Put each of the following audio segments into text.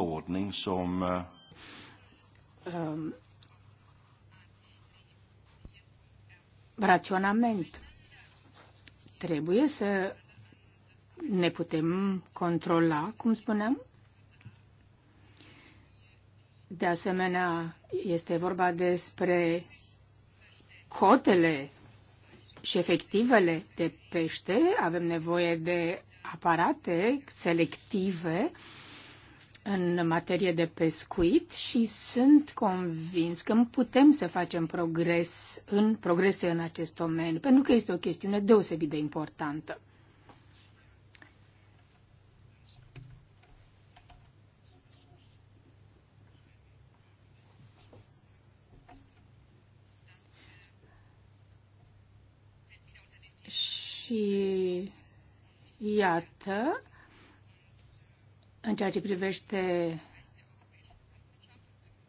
förordning som... Um, raționament. Trebuie să ne putem controla, cum spuneam. De asemenea, este vorba despre cotele și efectivele de pește. Avem nevoie de aparate selective uh, în materie de pescuit și sunt convins că putem să facem progres în, progrese în acest domeniu, pentru că este o chestiune deosebit de importantă. Și iată, în ceea ce privește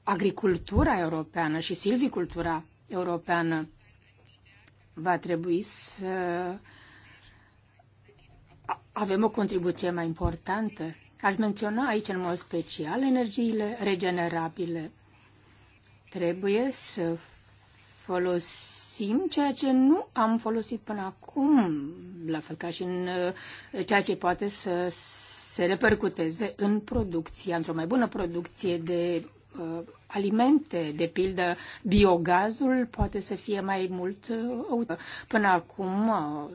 agricultura europeană și silvicultura europeană, va trebui să avem o contribuție mai importantă. Aș menționa aici în mod special energiile regenerabile. Trebuie să folosim ceea ce nu am folosit până acum, la fel ca și în uh, ceea ce poate să se repercuteze în producție, într-o mai bună producție de uh, alimente, de pildă biogazul poate să fie mai mult uh, până acum uh,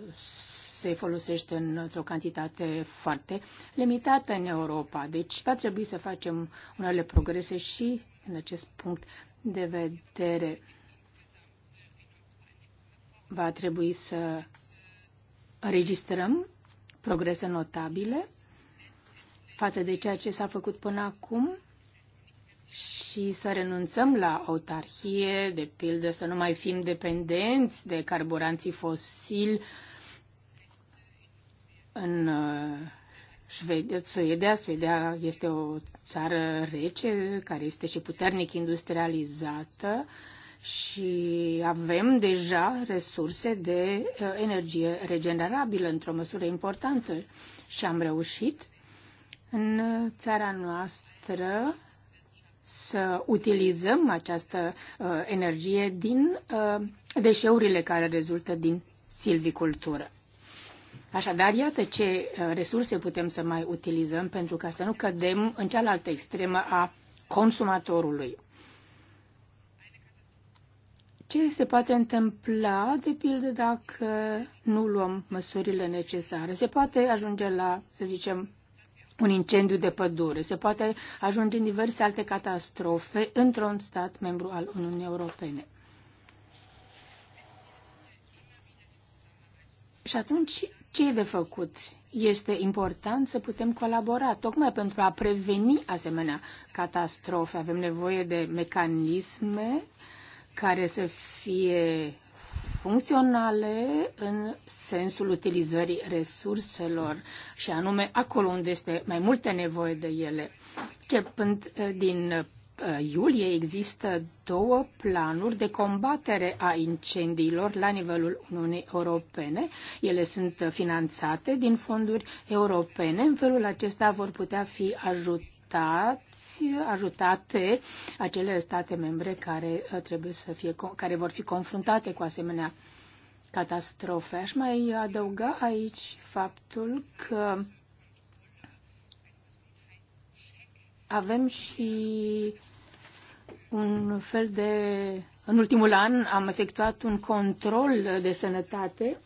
se folosește într-o cantitate foarte limitată în Europa. Deci va trebui să facem unele progrese și în acest punct de vedere. Va trebui să registrăm progrese notabile față de ceea ce s-a făcut până acum și să renunțăm la autarhie, de pildă să nu mai fim dependenți de carburanții fosili în uh, Șvedia, Suedia. Suedia este o țară rece care este și puternic industrializată și avem deja resurse de uh, energie regenerabilă într-o măsură importantă și am reușit în țara noastră să utilizăm această uh, energie din uh, deșeurile care rezultă din silvicultură. Așadar, iată ce uh, resurse putem să mai utilizăm pentru ca să nu cădem în cealaltă extremă a consumatorului. Ce se poate întâmpla, de pildă, dacă nu luăm măsurile necesare? Se poate ajunge la, să zicem, un incendiu de pădure. Se poate ajunge în diverse alte catastrofe într-un stat membru al Uniunii Europene. Și atunci, ce e de făcut? Este important să putem colabora, tocmai pentru a preveni asemenea catastrofe. Avem nevoie de mecanisme care să fie funcționale în sensul utilizării resurselor și anume acolo unde este mai multe nevoie de ele. Începând eh, din eh, iulie există două planuri de combatere a incendiilor la nivelul Uniunii Europene. Ele sunt eh, finanțate din fonduri europene. În felul acesta vor putea fi ajutate ajutați, ajutate acele state membre care uh, trebuie să fie, care vor fi confruntate cu asemenea catastrofe. Aș mai adăuga aici faptul că avem și un fel de... În ultimul an am efectuat un control de sănătate,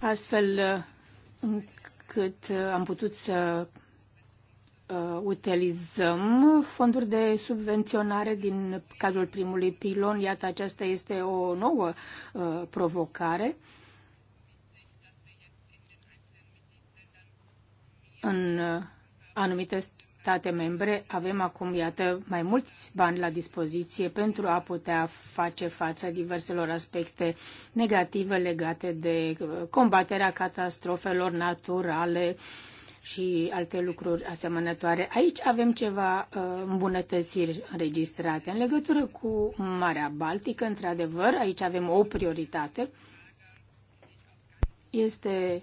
astfel încât am putut să uh, utilizăm fonduri de subvenționare din cadrul primului pilon. Iată, aceasta este o nouă uh, provocare. În uh, anumite state membre avem acum, iată, mai mulți bani la dispoziție pentru a putea face față diverselor aspecte negative legate de uh, combaterea catastrofelor naturale, uh, și alte lucruri asemănătoare. Aici avem ceva uh, îmbunătățiri înregistrate. În legătură cu Marea Baltică, într-adevăr, aici avem o prioritate. Este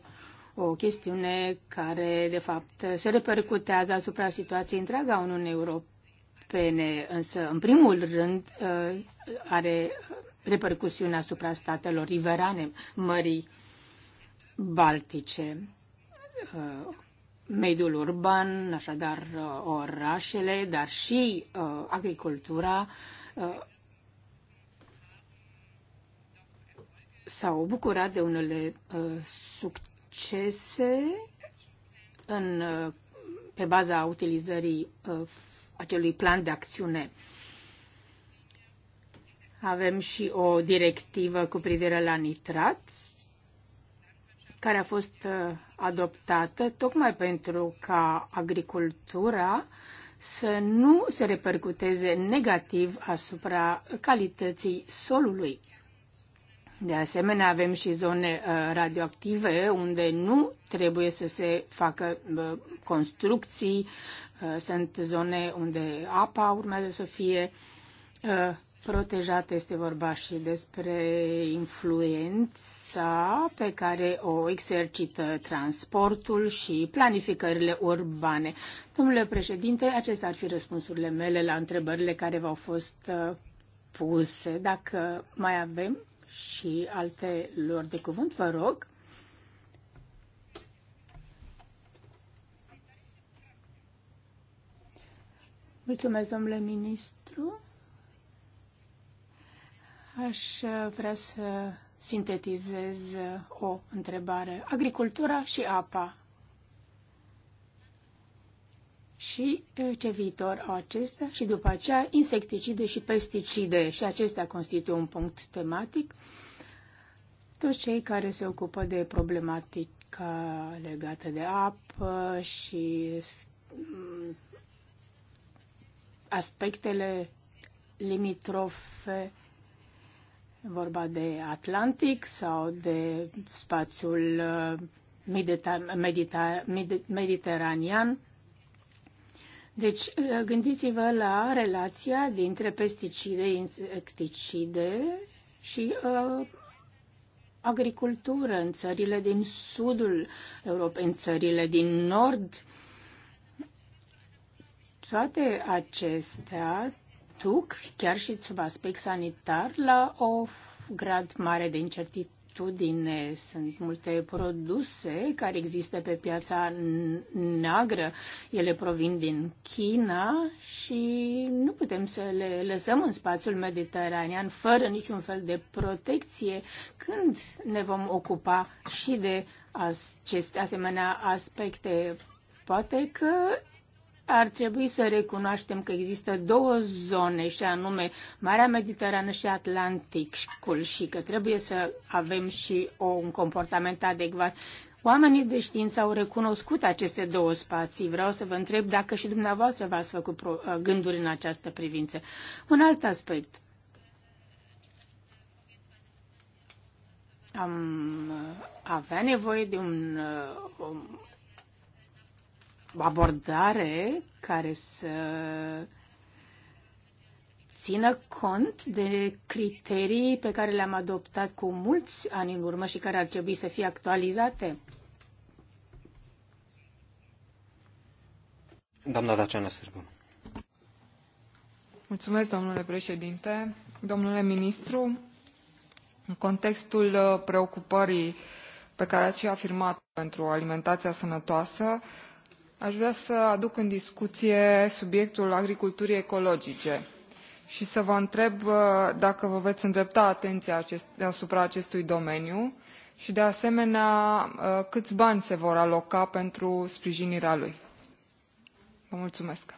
o chestiune care, de fapt, se repercutează asupra situației întreaga Uniunii Europene, însă, în primul rând, uh, are repercusiuni asupra statelor riverane Mării Baltice. Uh, mediul urban, așadar uh, orașele, dar și uh, agricultura uh, s-au bucurat de unele succese în, pe baza utilizării acelui plan de acțiune. Avem și o directivă cu privire la nitrați care a fost uh, adoptată tocmai pentru ca agricultura să nu se repercuteze negativ asupra calității solului. De asemenea, avem și zone uh, radioactive unde nu trebuie să se facă uh, construcții, sunt zone unde apa urmează să fie protejat este vorba și despre influența pe care o exercită transportul și planificările urbane. Domnule președinte, acestea ar fi răspunsurile mele la întrebările care v-au fost uh, puse. Dacă mai avem și alte lor de cuvânt, vă rog. Mulțumesc, domnule ministru. Aș uh, vrea să sintetizez uh, o întrebare. Agricultura și apa. Și uh, ce viitor au acestea? Și după aceea, insecticide și pesticide. Și acestea constituie un punct tematic. Toți cei care se ocupă de problematica legată de apă și mm, aspectele limitrofe vorba de Atlantic sau de spațiul uh, mediteranian. Deci, uh, gândiți-vă la relația dintre pesticide, insecticide și uh, agricultură în țările din sudul Europei, în țările din nord. Toate acestea duc, chiar și sub aspect sanitar la o grad mare de incertitudine. Sunt multe produse care există pe piața neagră. Ele provin din China și nu putem să le lăsăm în spațiul mediteranean fără niciun fel de protecție când ne vom ocupa și de aceste asemenea aspecte. Poate că ar trebui să recunoaștem că există două zone, și anume Marea Mediterană și Atlanticul, și că trebuie să avem și o, un comportament adecvat. Oamenii de știință au recunoscut aceste două spații. Vreau să vă întreb dacă și dumneavoastră v-ați făcut uh, gânduri în această privință. Un alt aspect. Am uh, avea nevoie de un, uh, abordare care să țină cont de criterii pe care le-am adoptat cu mulți ani în urmă și care ar trebui să fie actualizate? Doamna Daciana Sârbun. Mulțumesc, domnule președinte. Domnule ministru, în contextul uh, preocupării pe care ați și afirmat pentru alimentația sănătoasă, Aș vrea să aduc în discuție subiectul agriculturii ecologice și să vă întreb uh, dacă vă veți îndrepta atenția acest, asupra acestui domeniu și, de asemenea, uh, câți bani se vor aloca pentru sprijinirea lui. Vă mulțumesc!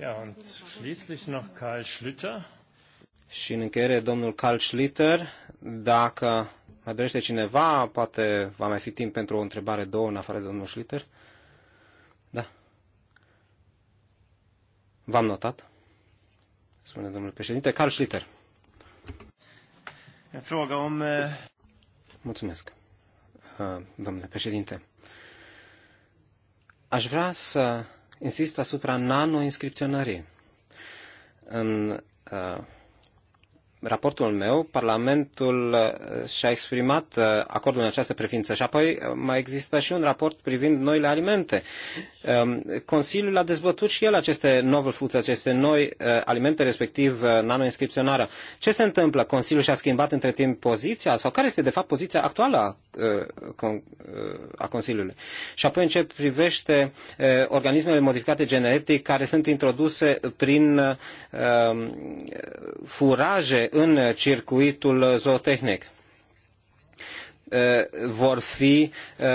Ja, und schließlich noch Karl Schlüter. Și în încheiere, domnul Karl Schlüter, dacă mai dorește cineva? Poate va mai fi timp pentru o întrebare, două, în afară de domnul Schlitter? Da. V-am notat, spune domnul președinte. Carl Schlitter. om... Mulțumesc, domnule președinte. Aș vrea să insist asupra nano-inscripționării. În raportul meu, Parlamentul uh, și-a exprimat uh, acordul în această privință și apoi uh, mai există și un raport privind noile alimente Um, Consiliul a dezbătut și el aceste novel foods, aceste noi uh, alimente, respectiv uh, nanoinscripționarea. Ce se întâmplă? Consiliul și-a schimbat între timp poziția sau care este de fapt poziția actuală a uh, Consiliului? Și apoi în ce privește organismele modificate genetic care sunt introduse prin um, furaje în circuitul zootehnic. Uh, vor fi uh,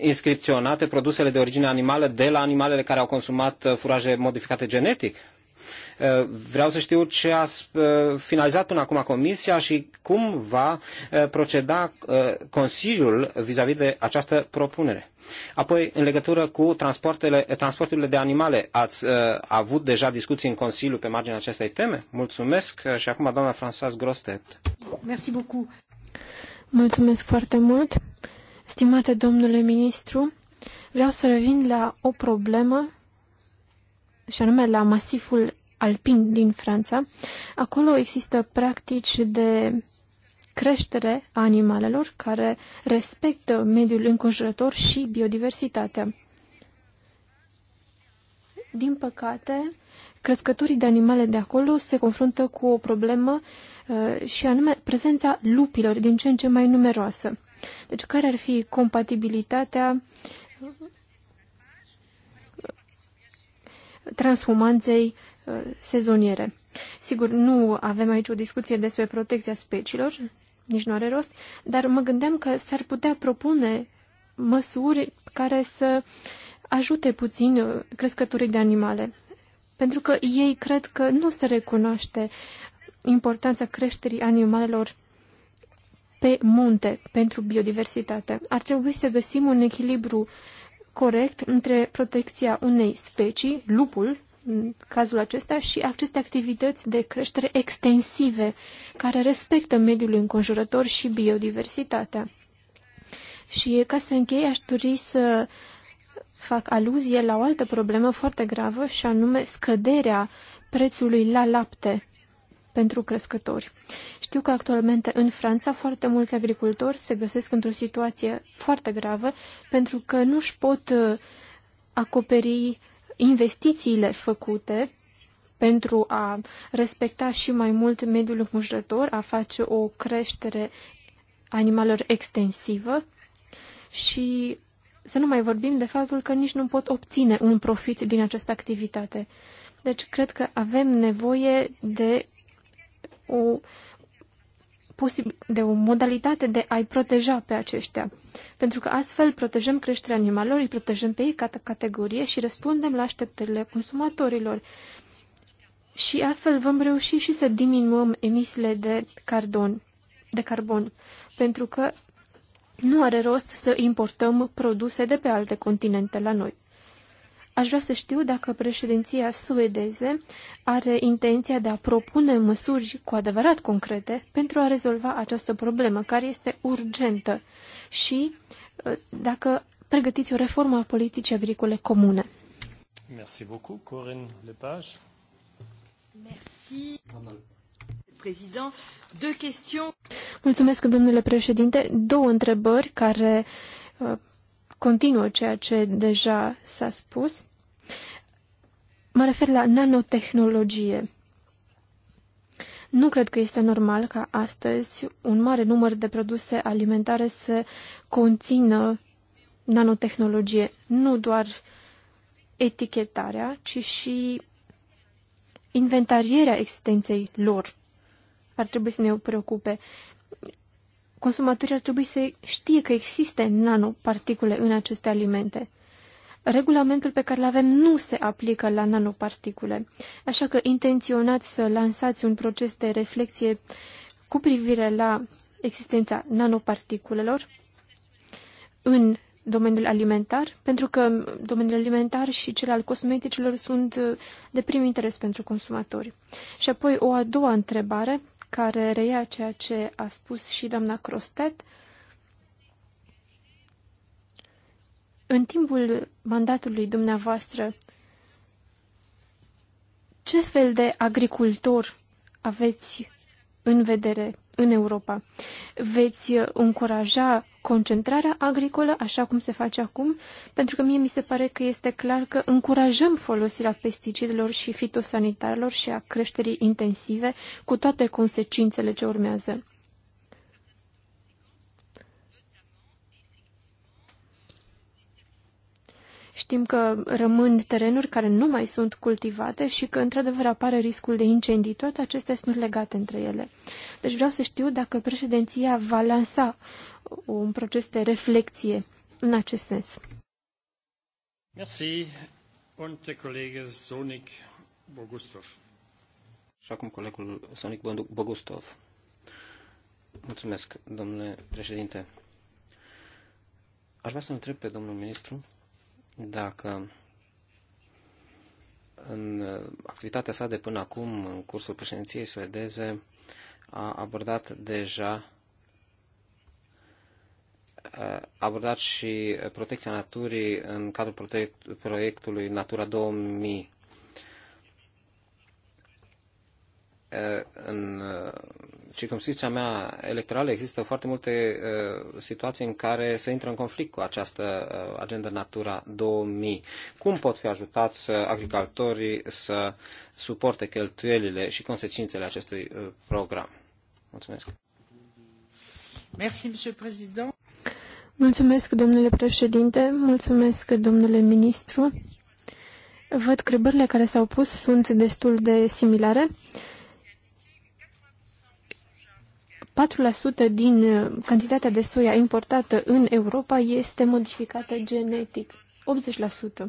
inscripționate produsele de origine animală de la animalele care au consumat uh, furaje modificate genetic? Vreau să știu ce a finalizat până acum Comisia și cum va proceda Consiliul vis-a-vis de această propunere. Apoi, în legătură cu transportele, transporturile de animale, ați avut deja discuții în Consiliu pe marginea acestei teme? Mulțumesc și acum doamna Françoise Grostet. Mulțumesc foarte mult, stimate domnule ministru. Vreau să revin la o problemă, și anume la masiful alpin din Franța. Acolo există practici de creștere a animalelor care respectă mediul înconjurător și biodiversitatea. Din păcate, crescătorii de animale de acolo se confruntă cu o problemă uh, Uh, și anume prezența lupilor din ce în ce mai numeroasă. Deci care ar fi compatibilitatea transhumanței uh, sezoniere? Sigur, nu avem aici o discuție despre protecția speciilor, nici nu are rost, dar mă gândeam că s-ar putea propune măsuri care să ajute puțin uh, crescătorii de animale. Pentru că ei cred că nu se recunoaște importanța creșterii animalelor pe munte pentru biodiversitate. Ar trebui să găsim un echilibru corect între protecția unei specii, lupul, în cazul acesta, și aceste activități de creștere extensive, care respectă mediul înconjurător și biodiversitatea. Și ca să închei, aș dori să fac aluzie la o altă problemă foarte gravă, și anume scăderea prețului la lapte pentru crescători. Știu că actualmente în Franța foarte mulți agricultori se găsesc într-o situație foarte gravă pentru că nu își pot uh, acoperi investițiile făcute pentru a respecta și mai mult mediul înconjurător, a face o creștere animalelor extensivă și să nu mai vorbim de faptul că nici nu pot obține un profit din această activitate. Deci cred că avem nevoie de o, de o modalitate de a-i proteja pe aceștia. Pentru că astfel protejăm creșterea animalelor, îi protejăm pe ei ca categorie și răspundem la așteptările consumatorilor. Și astfel vom reuși și să diminuăm emisiile de cardon, de carbon pentru că nu are rost să importăm produse de pe alte continente la noi. Aș vrea să știu dacă președinția suedeză are intenția de a propune măsuri cu adevărat concrete pentru a rezolva această problemă, care este urgentă, și uh, dacă pregătiți o reformă a politicii agricole comune. Merci beaucoup, Corinne Lepage. Merci. Deux questions. Mulțumesc, domnule președinte. Două întrebări care uh, continuă ceea ce deja s-a spus. Mă refer la nanotehnologie. Nu cred că este normal ca astăzi un mare număr de produse alimentare să conțină nanotehnologie. Nu doar etichetarea, ci și inventarierea existenței lor. Ar trebui să ne preocupe. Consumatorii ar trebui să știe că există nanoparticule în aceste alimente regulamentul pe care îl avem nu se aplică la nanoparticule. Așa că intenționați să lansați un proces de reflexie cu privire la existența nanoparticulelor în domeniul alimentar, pentru că domeniul alimentar și cel al cosmeticilor sunt uh, de prim interes pentru consumatori. Și apoi o a doua întrebare, care reia ceea ce a spus și doamna Crostet, În timpul mandatului dumneavoastră, ce fel de agricultor aveți în vedere în Europa? Veți încuraja concentrarea agricolă, așa cum se face acum? Pentru că mie mi se pare că este clar că încurajăm folosirea pesticidelor și fitosanitarilor și a creșterii intensive, cu toate consecințele ce urmează. Știm că rămân terenuri care nu mai sunt cultivate și că, într-adevăr, apare riscul de incendii. Toate acestea sunt legate între ele. Deci vreau să știu dacă președinția va lansa un proces de reflexie în acest sens. Merci. Und der Sonic Bogustov. Și acum colegul Sonic Bogustov. Mulțumesc, domnule președinte. Aș vrea să întreb pe domnul ministru dacă în uh, activitatea sa de până acum, în cursul președinției suedeze, a abordat deja uh, a abordat și protecția naturii în cadrul proiectului Natura 2000. Uh, în circumscripția mea electorală există foarte multe uh, situații în care se intră în conflict cu această uh, agenda Natura 2000. Cum pot fi ajutați uh, agricultorii să suporte cheltuielile și consecințele acestui uh, program? Mulțumesc. Merci, Monsieur Mulțumesc, domnule președinte, mulțumesc, domnule ministru. Văd că care s-au pus sunt destul de similare. Uh, 4% din uh, cantitatea de soia importată în Europa este modificată genetic. 80%. 80%.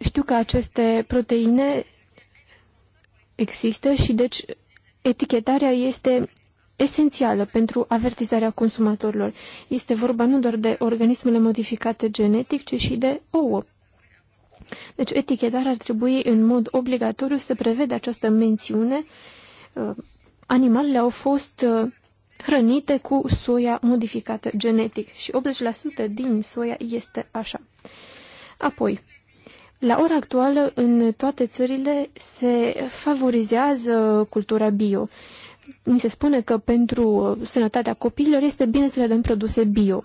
Știu că aceste proteine există și deci etichetarea este esențială pentru avertizarea consumatorilor. Este vorba nu doar de organismele modificate genetic, ci și de ouă. Deci etichetarea ar trebui în mod obligatoriu să prevede această mențiune. Uh, animalele au fost uh, hrănite cu soia modificată genetic și 80% din soia este așa. Apoi, la ora actuală, în toate țările se favorizează cultura bio. Mi se spune că pentru uh, sănătatea copiilor este bine să le dăm produse bio.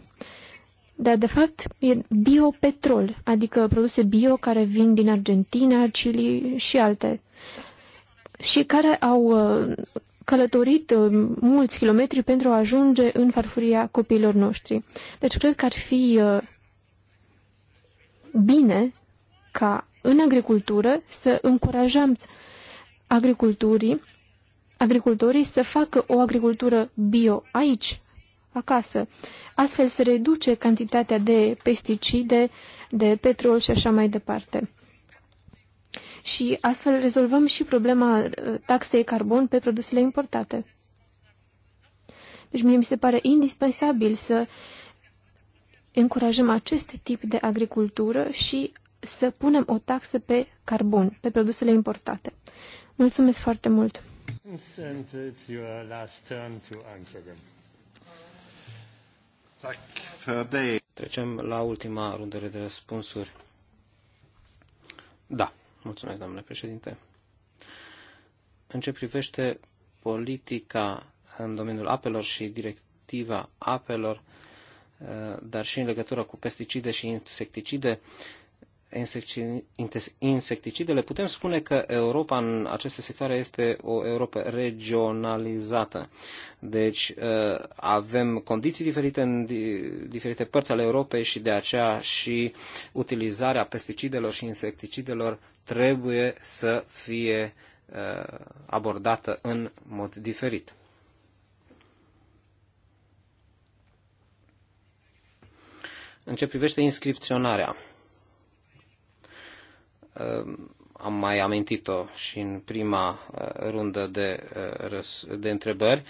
Dar, de fapt, e biopetrol, adică produse bio care vin din Argentina, Chile și alte, și care au uh, călătorit uh, mulți kilometri pentru a ajunge în farfuria copiilor noștri. Deci, cred că ar fi uh, bine ca în agricultură să încurajăm agriculturii, agricultorii să facă o agricultură bio aici, acasă. Astfel se reduce cantitatea de pesticide, de petrol și așa mai departe. Și astfel rezolvăm și problema uh, taxei carbon pe produsele importate. Deci mie mi se pare indispensabil să încurajăm acest tip de agricultură și să punem o taxă pe carbon, pe produsele importate. Mulțumesc foarte mult! Trecem la ultima rundă de răspunsuri. Da, mulțumesc, domnule președinte. În ce privește politica în domeniul apelor și directiva apelor, eh, dar și în legătură cu pesticide și insecticide, insecticidele, putem spune că Europa în aceste sectoare este o Europa regionalizată. Deci uh, avem condiții diferite în diferite părți ale Europei și de aceea și utilizarea pesticidelor și insecticidelor trebuie să fie uh, abordată în mod diferit. În ce privește inscripționarea, Ehm, am mai amintit-o și în prima eh, rundă de, eh, de întrebări,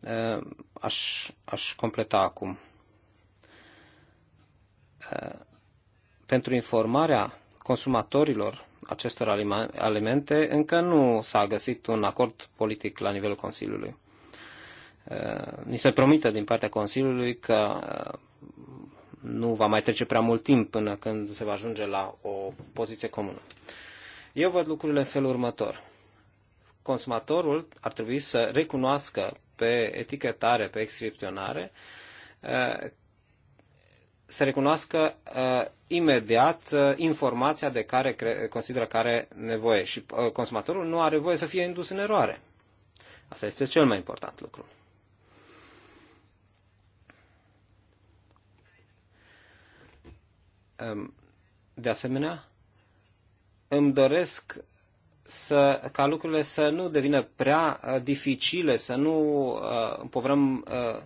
ehm, aș, aș completa acum. Ehm, pentru informarea consumatorilor acestor alimente, încă nu s-a găsit un acord politic la nivelul Consiliului. Ni se promite din partea Consiliului că nu va mai trece prea mult timp până când se va ajunge la o poziție comună. Eu văd lucrurile în felul următor. Consumatorul ar trebui să recunoască pe etichetare, pe inscripționare, să recunoască uh, imediat uh, informația de care consideră că are nevoie și uh, consumatorul nu are voie să fie indus în eroare. Asta este cel mai important lucru. De asemenea, îmi doresc să, ca lucrurile să nu devină prea uh, dificile, să nu uh, împovrăm uh,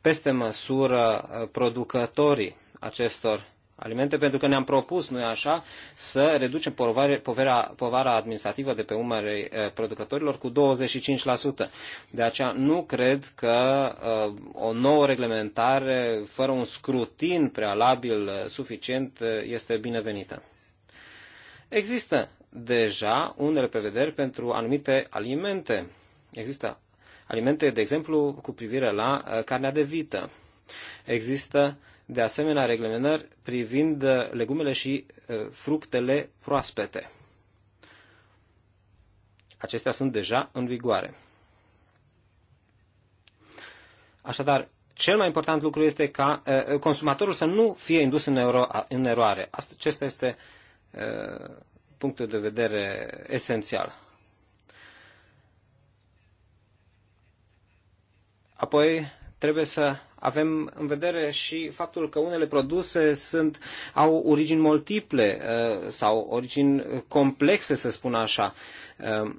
peste măsură uh, producătorii acestor alimente, pentru că ne-am propus, nu așa, să reducem povara, povara administrativă de pe umerii eh, producătorilor cu 25%. De aceea nu cred că eh, o nouă reglementare fără un scrutin prealabil eh, suficient este binevenită. Există deja unele prevederi pentru anumite alimente. Există alimente, de exemplu, cu privire la carnea de vită. Există de asemenea reglementări privind uh, legumele și uh, fructele proaspete. Acestea sunt deja în vigoare. Așadar, cel mai important lucru este ca uh, consumatorul să nu fie indus în, ero- în eroare. Acesta este punctul de vedere esențial. Apoi, trebuie să avem în vedere și faptul că unele produse sunt, au origini multiple uh, sau origini complexe, să spun așa. Uh,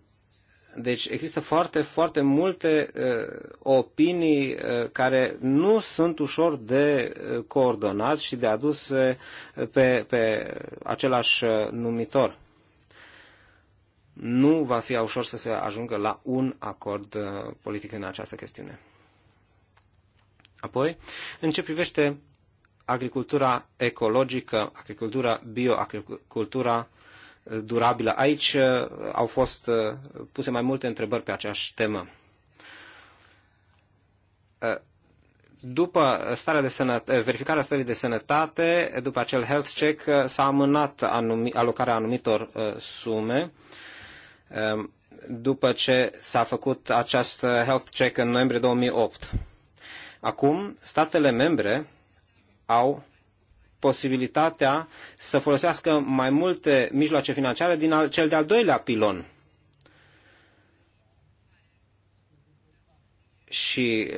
deci există foarte, foarte multe uh, opinii care nu sunt ușor de coordonat și de adus pe, pe același numitor. Nu va fi ușor să se ajungă la un acord politic în această chestiune. Apoi, în ce privește agricultura ecologică, agricultura bio, agricultura eh, durabilă, aici eh, au fost eh, puse mai multe întrebări pe aceeași temă. După starea de sănătate, verificarea stării de sănătate, după acel health check, s-a amânat anumi, alocarea anumitor sume după ce s-a făcut acest health check în noiembrie 2008 Acum, statele membre au posibilitatea să folosească mai multe mijloace financiare din al, cel de-al doilea pilon. Și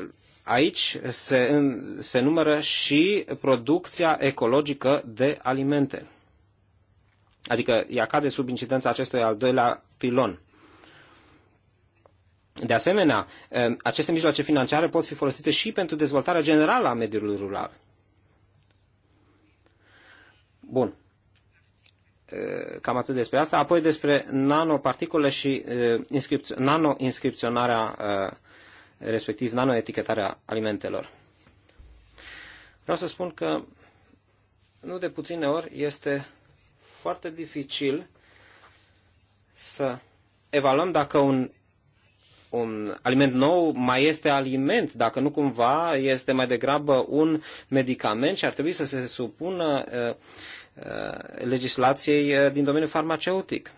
aici se, în, se numără și producția ecologică de alimente. Adică ea cade sub incidența acestui al doilea pilon. De asemenea, eh, aceste mijloace financiare pot fi folosite și pentru dezvoltarea generală a mediului rural. Bun. Eh, cam atât despre asta. Apoi despre nanoparticule și eh, nano-inscripționarea, respectiv nanoetichetarea alimentelor. Vreau să spun că nu de puține ori este foarte dificil să evaluăm dacă un un aliment nou mai este aliment, dacă nu cumva este mai degrabă un medicament și ar trebui să se supună uh, uh, legislației uh, din domeniul farmaceutic.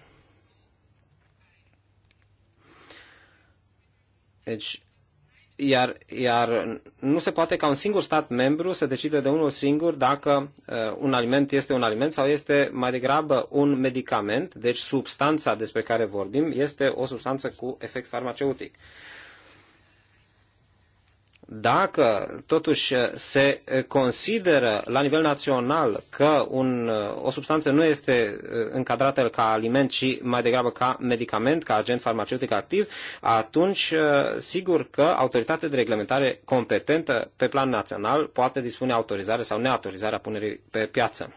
Deci, iar, iar nu se poate ca un singur stat membru să decide de unul singur dacă uh, un aliment este un aliment sau este mai degrabă un medicament, deci substanța despre care vorbim este o substanță cu efect farmaceutic. Uh, dacă totuși se consideră la nivel național că un, o substanță nu este uh, încadrată ca aliment, ci mai degrabă ca medicament, ca agent farmaceutic activ, atunci uh, sigur că autoritatea de reglementare competentă pe plan național poate dispune autorizare sau neautorizarea punerii pe piață.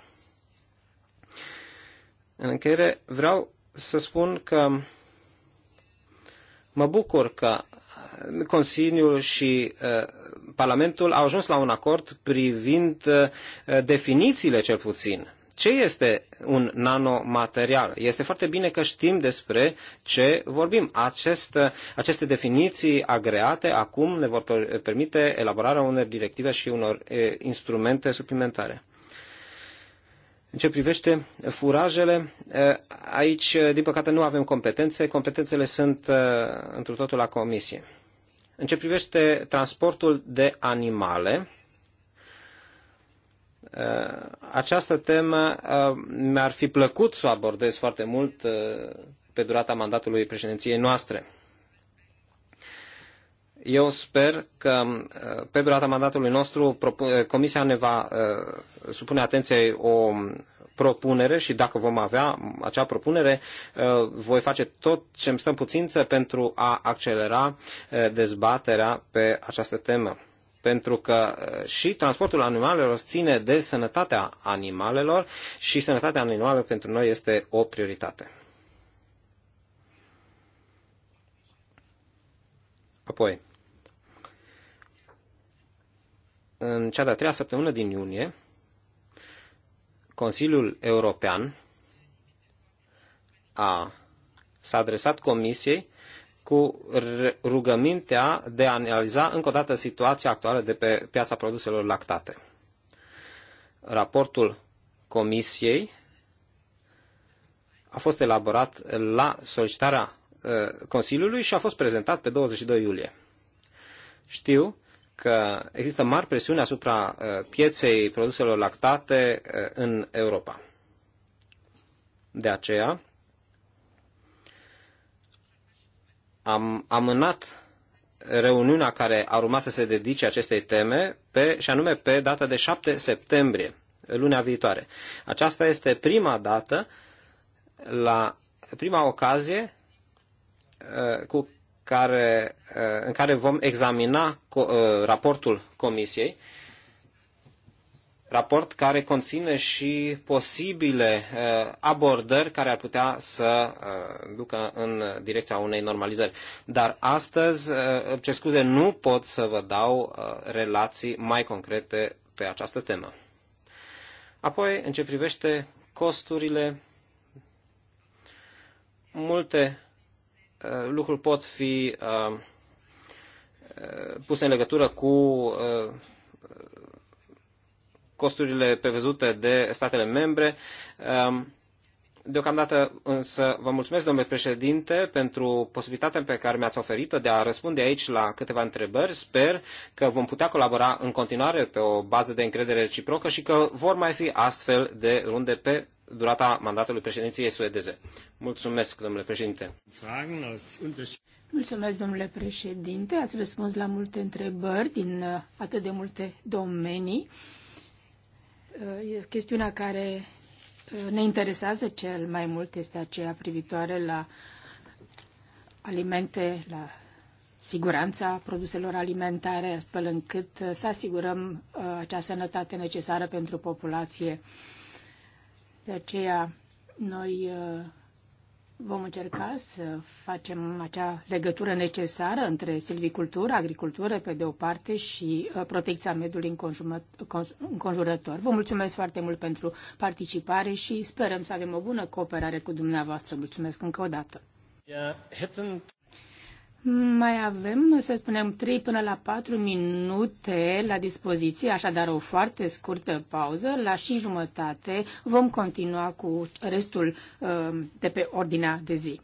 În încheiere, vreau să spun că mă bucur că Consiliul și uh, Parlamentul au ajuns la un acord privind uh, definițiile cel puțin. Ce este un nanomaterial? Este foarte bine că știm despre ce vorbim. Acest, uh, aceste definiții agreate acum ne vor permite elaborarea unor directive și unor e, instrumente suplimentare. În ce privește furajele, aici, din păcate, nu avem competențe. Competențele sunt întru totul la comisie. În ce privește transportul de animale, eh, această temă eh, mi-ar fi plăcut să o abordez foarte mult eh, pe durata mandatului președinției noastre. Eu sper că pe durata mandatului nostru Comisia ne va supune atenție o propunere și dacă vom avea acea propunere, uh, voi face tot ce îmi stă în puțință pentru a accelera uh, dezbaterea pe această temă. Pentru că uh, și transportul animalelor ține de sănătatea animalelor și sănătatea animalelor pentru noi este o prioritate. Apoi, în cea de-a treia săptămână din iunie, Consiliul European a, s-a adresat Comisiei cu rugămintea de a analiza încă o dată situația actuală de pe piața produselor lactate. Raportul Comisiei a fost elaborat la solicitarea uh, Consiliului și a fost prezentat pe 22 iulie. Știu că există mari presiuni asupra uh, pieței produselor lactate uh, în Europa. De aceea am amânat reuniunea care ar urma să se dedice acestei teme pe, și anume pe data de 7 septembrie, lunea viitoare. Aceasta este prima dată, la prima ocazie uh, cu care, uh, în care vom examina uh, raportul Comisiei, raport care conține și posibile uh, abordări care ar putea să ducă în direcția unei normalizări. Dar astăzi, ce scuze, nu pot să vă dau relații mai concrete pe această temă. Apoi, în ce privește costurile, multe Uh, lucruri pot fi uh, uh, puse în legătură cu costurile prevăzute de statele membre. Um, deocamdată însă vă mulțumesc, domnule președinte, pentru posibilitatea pe care mi-ați oferit-o de a răspunde aici la câteva întrebări. Sper că vom putea colabora în continuare pe o bază de încredere reciprocă și că vor mai fi astfel de runde pe durata mandatului președinției suedeze. Mulțumesc, domnule președinte. Mulțumesc, domnule președinte. Ați răspuns la multe întrebări din uh, atât de multe domenii. Uh, chestiunea care uh, ne interesează cel mai mult este aceea privitoare la alimente, la siguranța produselor alimentare, astfel încât să asigurăm acea sănătate necesară pentru populație. De aceea, noi uh, vom încerca să facem acea legătură necesară între silvicultură, agricultură, pe de o parte, și uh, protecția mediului înconjurător. Vă mulțumesc foarte mult pentru participare și sperăm să avem o bună cooperare cu dumneavoastră. Mulțumesc încă o dată. Mai avem, să spunem, 3 până la 4 minute la dispoziție, așadar o foarte scurtă pauză. La și jumătate vom continua cu restul uh, de pe ordinea de zi.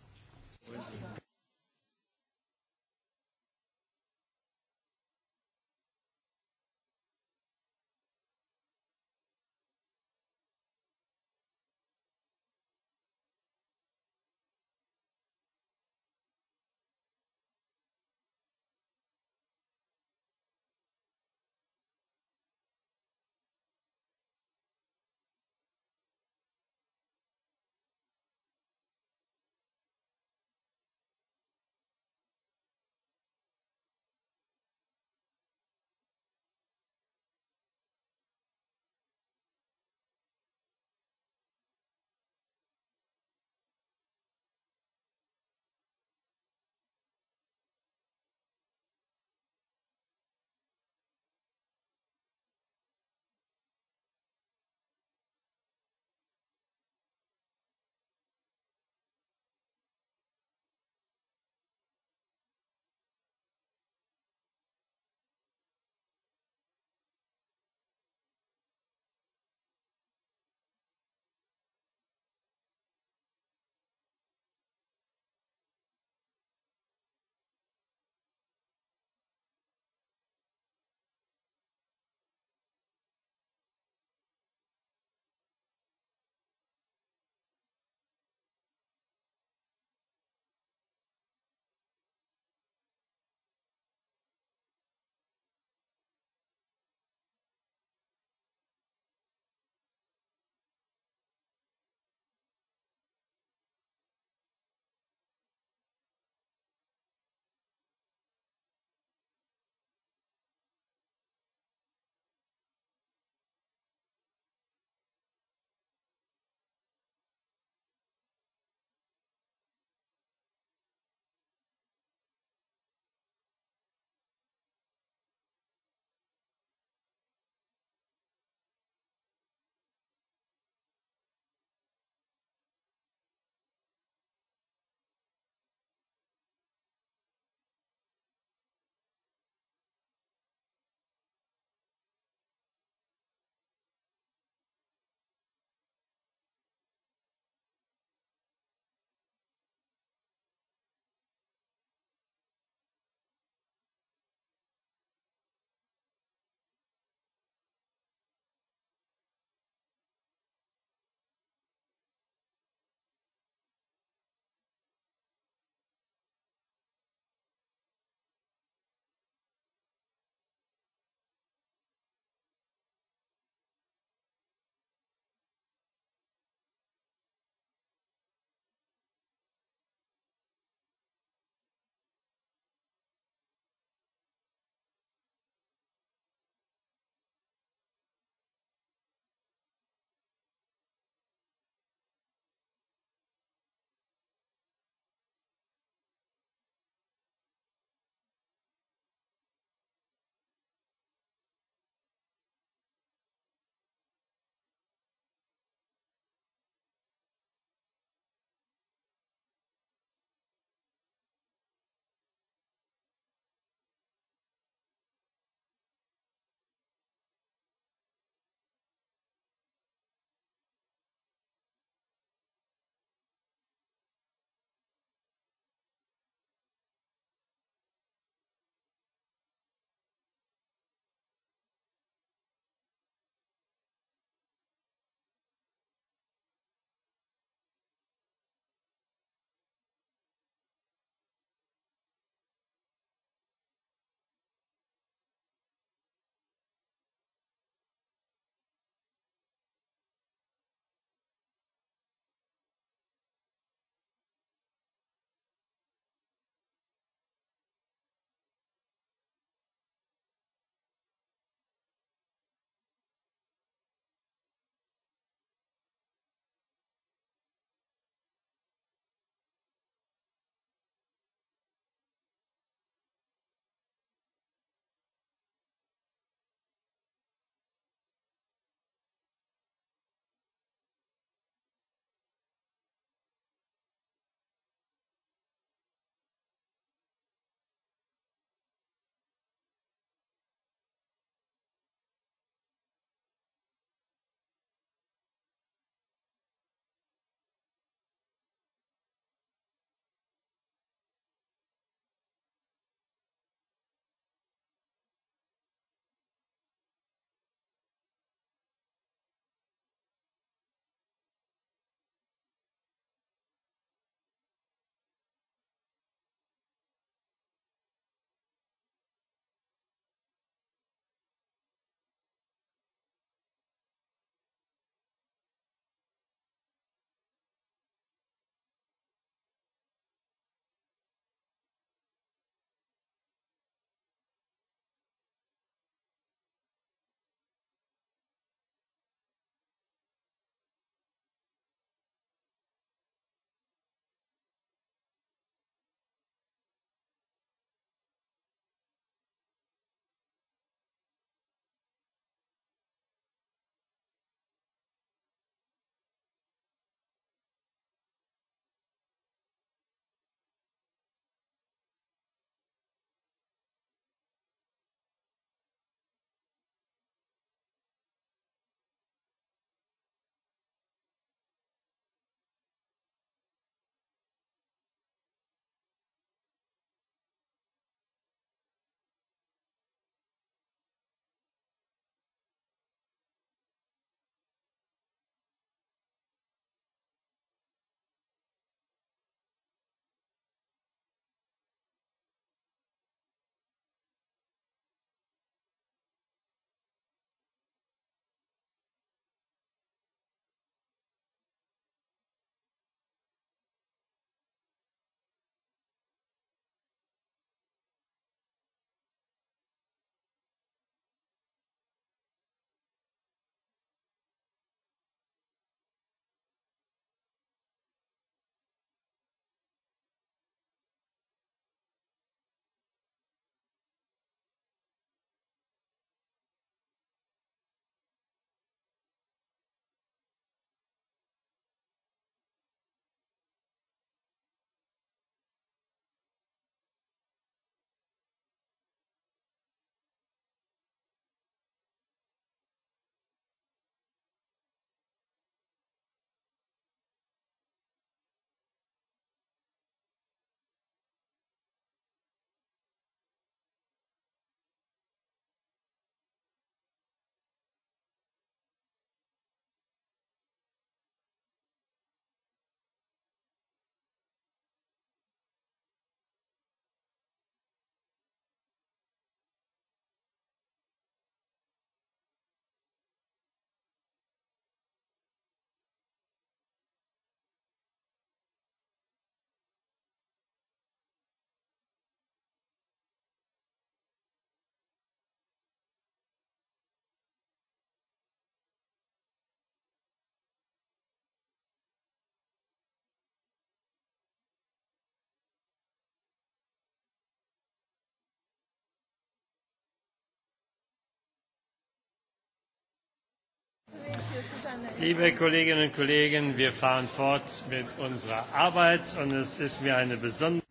Liebe Kolleginnen und Kollegen, wir fahren fort mit unserer Arbeit und es ist mir eine besondere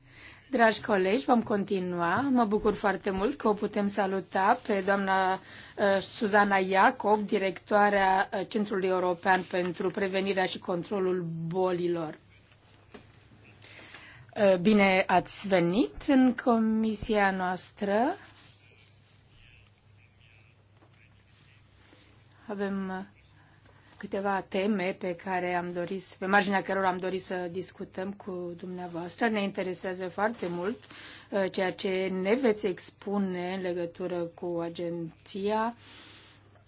Dragi colegi, vom continua. Mă bucur foarte mult că o putem saluta pe doamna uh, Suzana Iacob, directoarea uh, Centrului European pentru Prevenirea și Controlul Bolilor. Uh, Bine ați venit în comisia noastră. Avem uh, câteva teme pe care am dorit, pe marginea cărora am dorit să discutăm cu dumneavoastră. Ne interesează foarte mult uh, ceea ce ne veți expune în legătură cu agenția,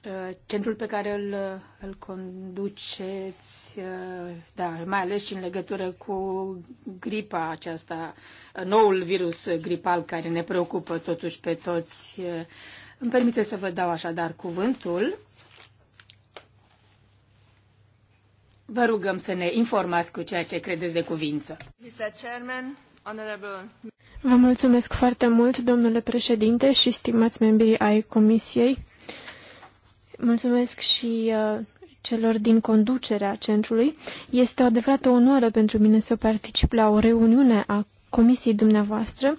uh, centrul pe care îl, îl conduceți, uh, da, mai ales și în legătură cu gripa aceasta, noul virus gripal care ne preocupă totuși pe toți. Îmi permite să vă dau așadar cuvântul Vă rugăm să ne informați cu ceea ce credeți de cuvință. Vă mulțumesc foarte mult, domnule președinte și stimați membrii ai comisiei. Mulțumesc și uh, celor din conducerea centrului. Este o adevărată onoare pentru mine să particip la o reuniune a comisiei dumneavoastră,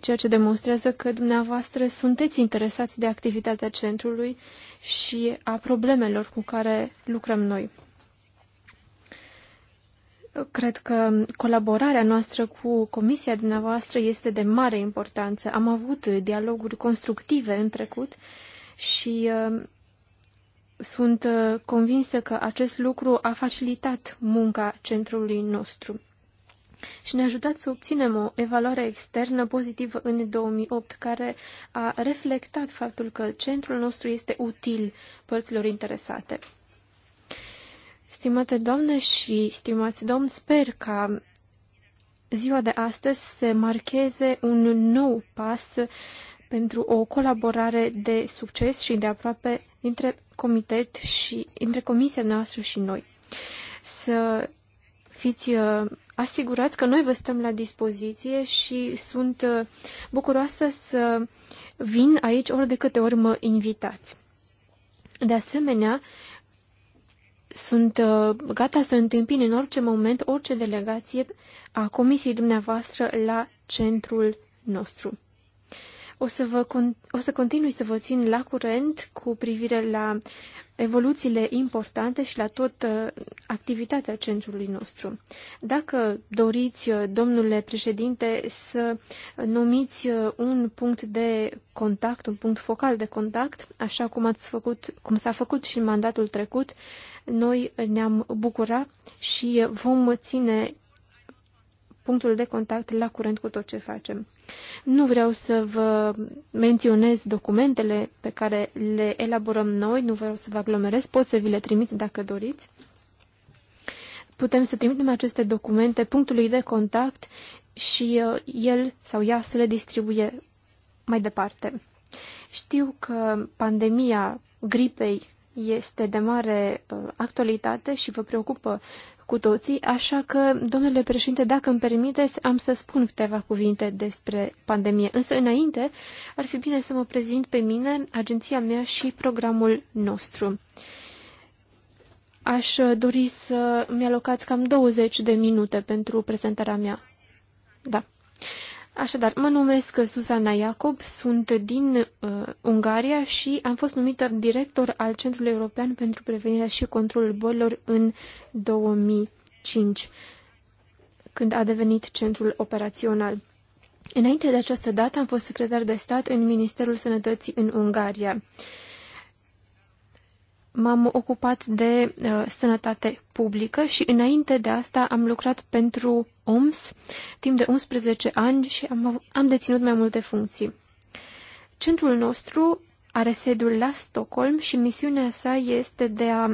ceea ce demonstrează că dumneavoastră sunteți interesați de activitatea centrului și a problemelor cu care lucrăm noi cred că colaborarea noastră cu comisia dumneavoastră este de mare importanță. Am avut dialoguri constructive în trecut și uh, sunt uh, convinsă că acest lucru a facilitat munca centrului nostru și ne-a ajutat să obținem o evaluare externă pozitivă în 2008, care a reflectat faptul că centrul nostru este util părților interesate. Stimate doamne și stimați domn, sper ca ziua de astăzi se marcheze un nou pas pentru o colaborare de succes și de aproape între comitet și între comisia noastră și noi. Să fiți uh, asigurați că noi vă stăm la dispoziție și sunt uh, bucuroasă să vin aici ori de câte ori mă invitați. De asemenea, sunt uh, gata să întâmpin în orice moment orice delegație a comisiei dumneavoastră la centrul nostru. O să, vă o să continui să vă țin la curent cu privire la evoluțiile importante și la tot uh, activitatea centrului nostru. Dacă doriți, uh, domnule președinte, să numiți uh, un punct de contact, un punct focal de contact, așa cum ați făcut, cum s-a făcut și în mandatul trecut, noi ne-am bucura și vom ține punctul de contact la curent cu tot ce facem. Nu vreau să vă menționez documentele pe care le elaborăm noi, nu vreau să vă aglomerez, pot să vi le trimit dacă doriți. Putem să trimitem aceste documente punctului de contact și uh, el sau ea să le distribuie mai departe. Știu că pandemia gripei este de mare uh, actualitate și vă preocupă cu toții, așa că, domnule președinte, dacă îmi permiteți, am să spun câteva cuvinte despre pandemie. Însă, înainte, ar fi bine să mă prezint pe mine, agenția mea și programul nostru. Aș dori să mi alocați cam 20 de minute pentru prezentarea mea. Da. Așadar, mă numesc Susana Iacob, sunt din uh, Ungaria și am fost numită director al Centrului European pentru Prevenirea și Controlul Bolilor în 2005, când a devenit centrul operațional. Înainte de această dată am fost secretar de stat în Ministerul Sănătății în Ungaria. Uh, m-am ocupat de uh, sănătate publică și înainte de asta am lucrat pentru OMS timp de 11 ani și am, am deținut mai multe funcții. Centrul nostru are sediul la Stockholm și misiunea sa este de a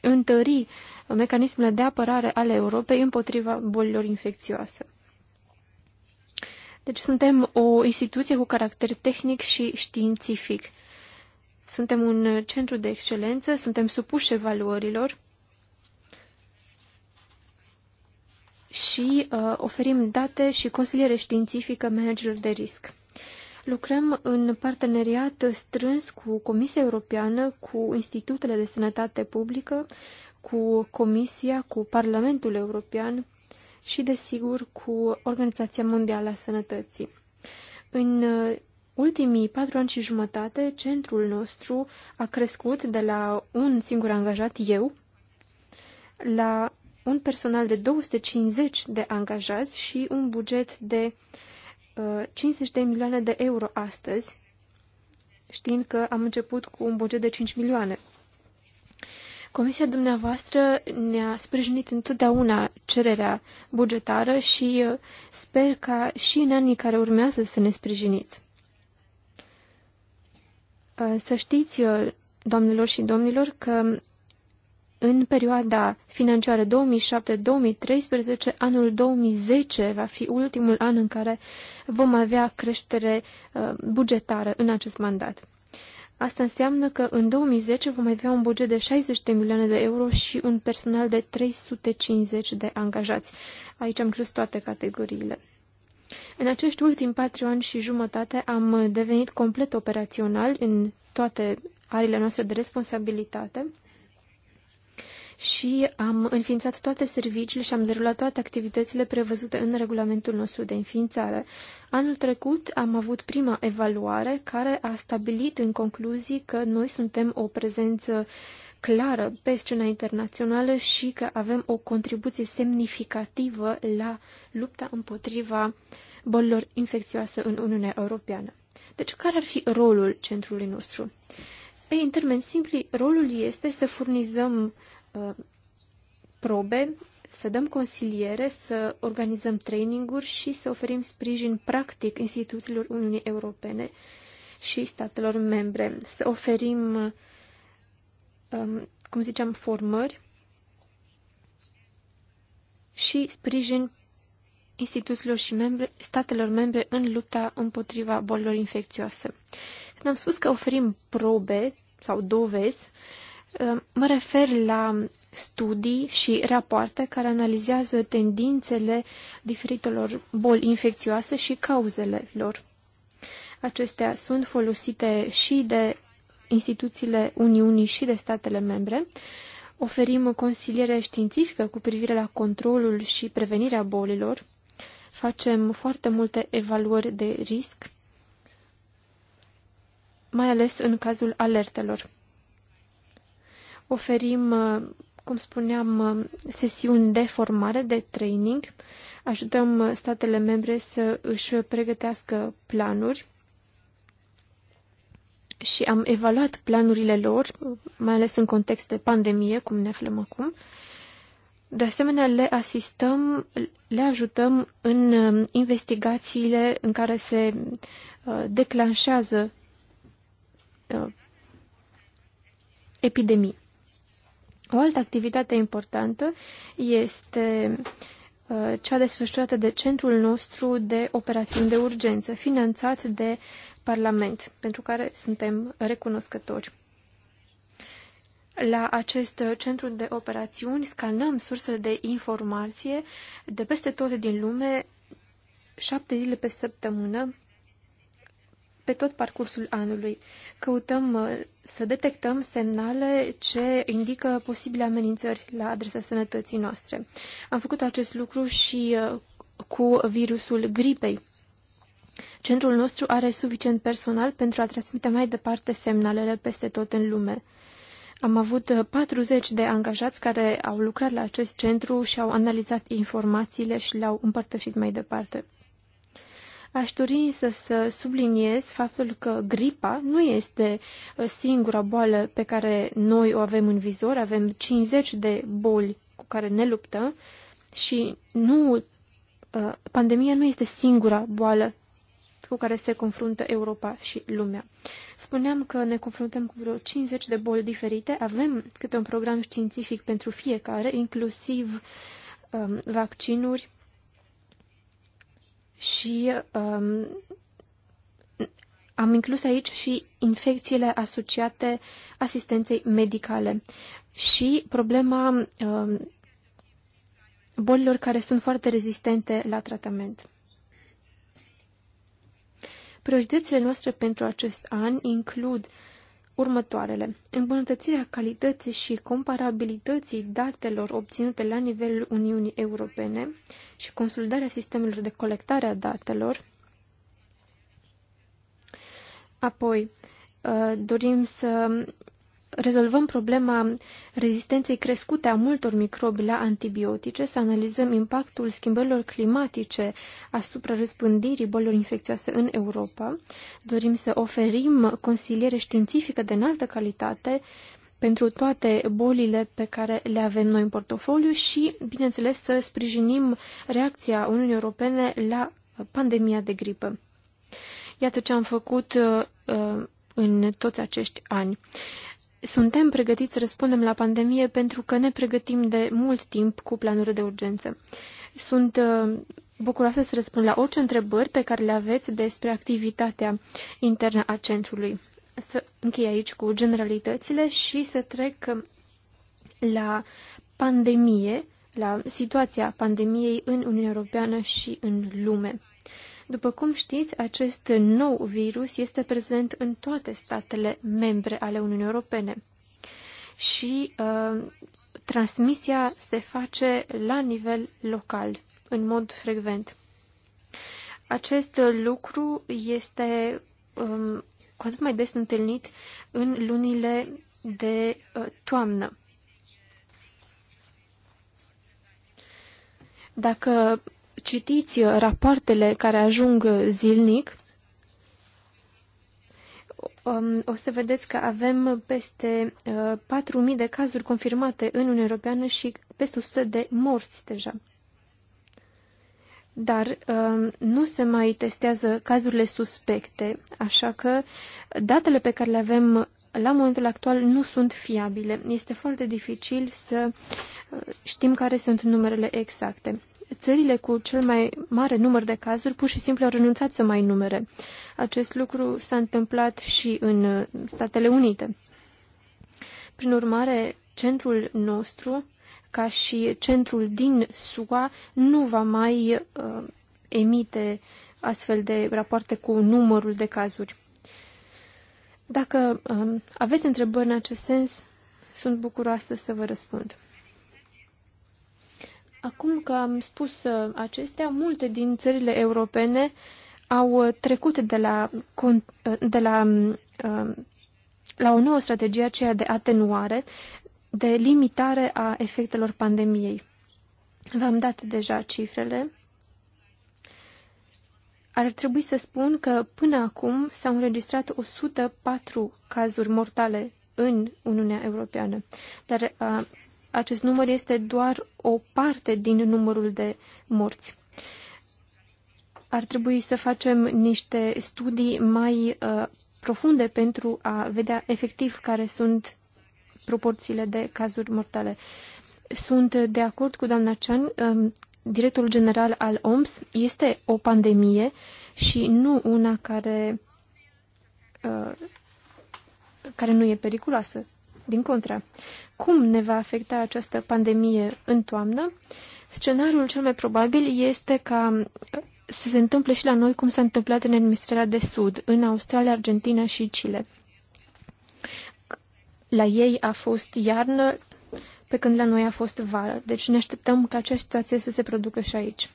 întări mecanismele de apărare ale Europei împotriva bolilor infecțioase. Deci suntem o instituție cu caracter tehnic și științific. Suntem un centru de excelență, suntem supuși evaluărilor și uh, oferim date și consiliere științifică managerilor de risc. Lucrăm în parteneriat strâns cu Comisia Europeană, cu Institutele de Sănătate Publică, cu Comisia, cu Parlamentul European și, desigur, cu Organizația Mondială a Sănătății. În uh, ultimii patru ani și jumătate, centrul nostru a crescut de la un singur angajat, eu, la un personal de 250 de angajați și un buget de uh, 50 de milioane de euro astăzi, știind că am început cu un buget de 5 milioane. Comisia dumneavoastră ne-a sprijinit întotdeauna cererea bugetară și uh, sper ca și în anii care urmează să ne sprijiniți. Uh, să știți, uh, domnilor și domnilor, că în perioada financiară 2007-2013, anul 2010 va fi ultimul an în care vom avea creștere uh, bugetară în acest mandat. Asta înseamnă că în 2010 vom avea un buget de 60 de milioane de euro și un personal de 350 de angajați. Aici am inclus toate categoriile. În acești ultimi patru ani și jumătate am devenit complet operațional în toate arile noastre de responsabilitate și am înființat toate serviciile și am derulat toate activitățile prevăzute în regulamentul nostru de înființare. Anul trecut am avut prima evaluare care a stabilit în concluzii că noi suntem o prezență uh, clară pe scena internațională și că avem o contribuție semnificativă la lupta împotriva bolilor infecțioase în Uniunea Europeană. Deci, care ar fi rolul centrului nostru? Ei, în termeni simpli, rolul este să furnizăm uh, probe, să dăm consiliere, să organizăm traininguri și să oferim sprijin practic instituțiilor Uniunii Europene și statelor membre, să oferim uh, Um, cum ziceam, formări și sprijin instituțiilor și membre, statelor membre în lupta împotriva bolilor infecțioase. Când am spus că oferim probe sau dovezi, um, mă refer la studii și rapoarte care analizează tendințele diferitelor boli infecțioase și cauzele lor. Acestea sunt folosite și de instituțiile Uniunii și de statele membre. Oferim consiliere științifică cu privire la controlul și prevenirea bolilor. Facem foarte multe evaluări de risc, mai ales în cazul alertelor. Oferim, cum spuneam, sesiuni de formare, de training. Ajutăm statele membre să își pregătească planuri și am evaluat planurile lor, mai ales în context de pandemie, cum ne aflăm acum. De asemenea, le asistăm, le ajutăm în um, investigațiile în care se uh, declanșează uh, epidemii. O altă activitate importantă este uh, cea desfășurată de centrul nostru de operațiuni de urgență, finanțat de Parlament, pentru care suntem recunoscători. La acest centru de operațiuni scanăm sursele de informație de peste tot din lume, șapte zile pe săptămână, pe tot parcursul anului. Căutăm uh, să detectăm semnale ce indică posibile amenințări la adresa sănătății noastre. Am făcut acest lucru și uh, cu virusul gripei Centrul nostru are suficient personal pentru a transmite mai departe semnalele peste tot în lume. Am avut 40 uh, de angajați care au lucrat la acest centru și au analizat informațiile și le-au împărtășit mai departe. Aș dori să, să subliniez faptul că gripa nu este uh, singura boală pe care noi o avem în vizor, avem 50 de boli cu care ne luptăm și nu uh, pandemia nu este singura boală cu care se confruntă Europa și lumea. Spuneam că ne confruntăm cu vreo 50 de boli diferite, avem câte un program științific pentru fiecare, inclusiv um, vaccinuri și um, am inclus aici și infecțiile asociate asistenței medicale și problema um, bolilor care sunt foarte rezistente la tratament. Prioritățile noastre pentru acest an includ următoarele. Îmbunătățirea calității și comparabilității datelor obținute la nivelul Uniunii Europene și consolidarea sistemelor de colectare a datelor. Apoi, uh, dorim să rezolvăm problema rezistenței crescute a multor microbi la antibiotice, să analizăm impactul schimbărilor climatice asupra răspândirii bolilor infecțioase în Europa. Dorim să oferim consiliere științifică de înaltă calitate pentru toate bolile pe care le avem noi în portofoliu și, bineînțeles, să sprijinim reacția Uniunii Europene la pandemia de gripă. Iată ce am făcut uh, în toți acești ani suntem pregătiți să răspundem la pandemie pentru că ne pregătim de mult timp cu planuri de urgență. Sunt uh, bucuroasă să răspund la orice întrebări pe care le aveți despre activitatea internă a centrului. Să închei aici cu generalitățile și să trec la pandemie, la situația pandemiei în Uniunea Europeană și în lume. După cum știți, acest nou virus este prezent în toate statele membre ale Uniunii Europene și uh, transmisia se face la nivel local, în mod frecvent. Acest lucru este um, cu atât mai des întâlnit în lunile de uh, toamnă. Dacă citiți uh, rapoartele care ajung uh, zilnic, um, o să vedeți că avem peste 4.000 uh, de cazuri confirmate în Uniunea Europeană și peste 100 de morți deja. Dar um, nu se mai testează cazurile suspecte, așa că datele pe care le avem la momentul actual nu sunt fiabile. Este foarte dificil să știm care sunt numerele exacte țările cu cel mai mare număr de cazuri pur și simplu au renunțat să mai numere. Acest lucru s-a întâmplat și în uh, Statele Unite. Prin urmare, centrul nostru, ca și centrul din SUA, nu va mai uh, emite astfel de rapoarte cu numărul de cazuri. Dacă uh, aveți întrebări în acest sens, sunt bucuroasă să vă răspund. Acum că am spus uh, acestea, multe din țările europene au uh, trecut de la, uh, de la, um, la o nouă strategie, aceea de atenuare, de limitare a efectelor pandemiei. V-am dat deja cifrele. Ar trebui să spun că până acum s-au înregistrat 104 cazuri mortale în Uniunea Europeană, dar acest număr este doar o parte din numărul de morți. Ar trebui să facem niște studii mai uh, profunde pentru a vedea efectiv care sunt proporțiile de cazuri mortale. Sunt de acord cu doamna Chan, uh, directorul general al OMS este o pandemie și nu una care, uh, care nu e periculoasă din contra. Cum ne va afecta această pandemie în toamnă? Scenariul cel mai probabil este ca uh, să se întâmple și la noi cum s-a întâmplat în emisfera de sud, în Australia, Argentina și Chile. La ei a fost iarnă, pe când la noi a fost vară. Deci ne așteptăm ca această situație să se producă și aici.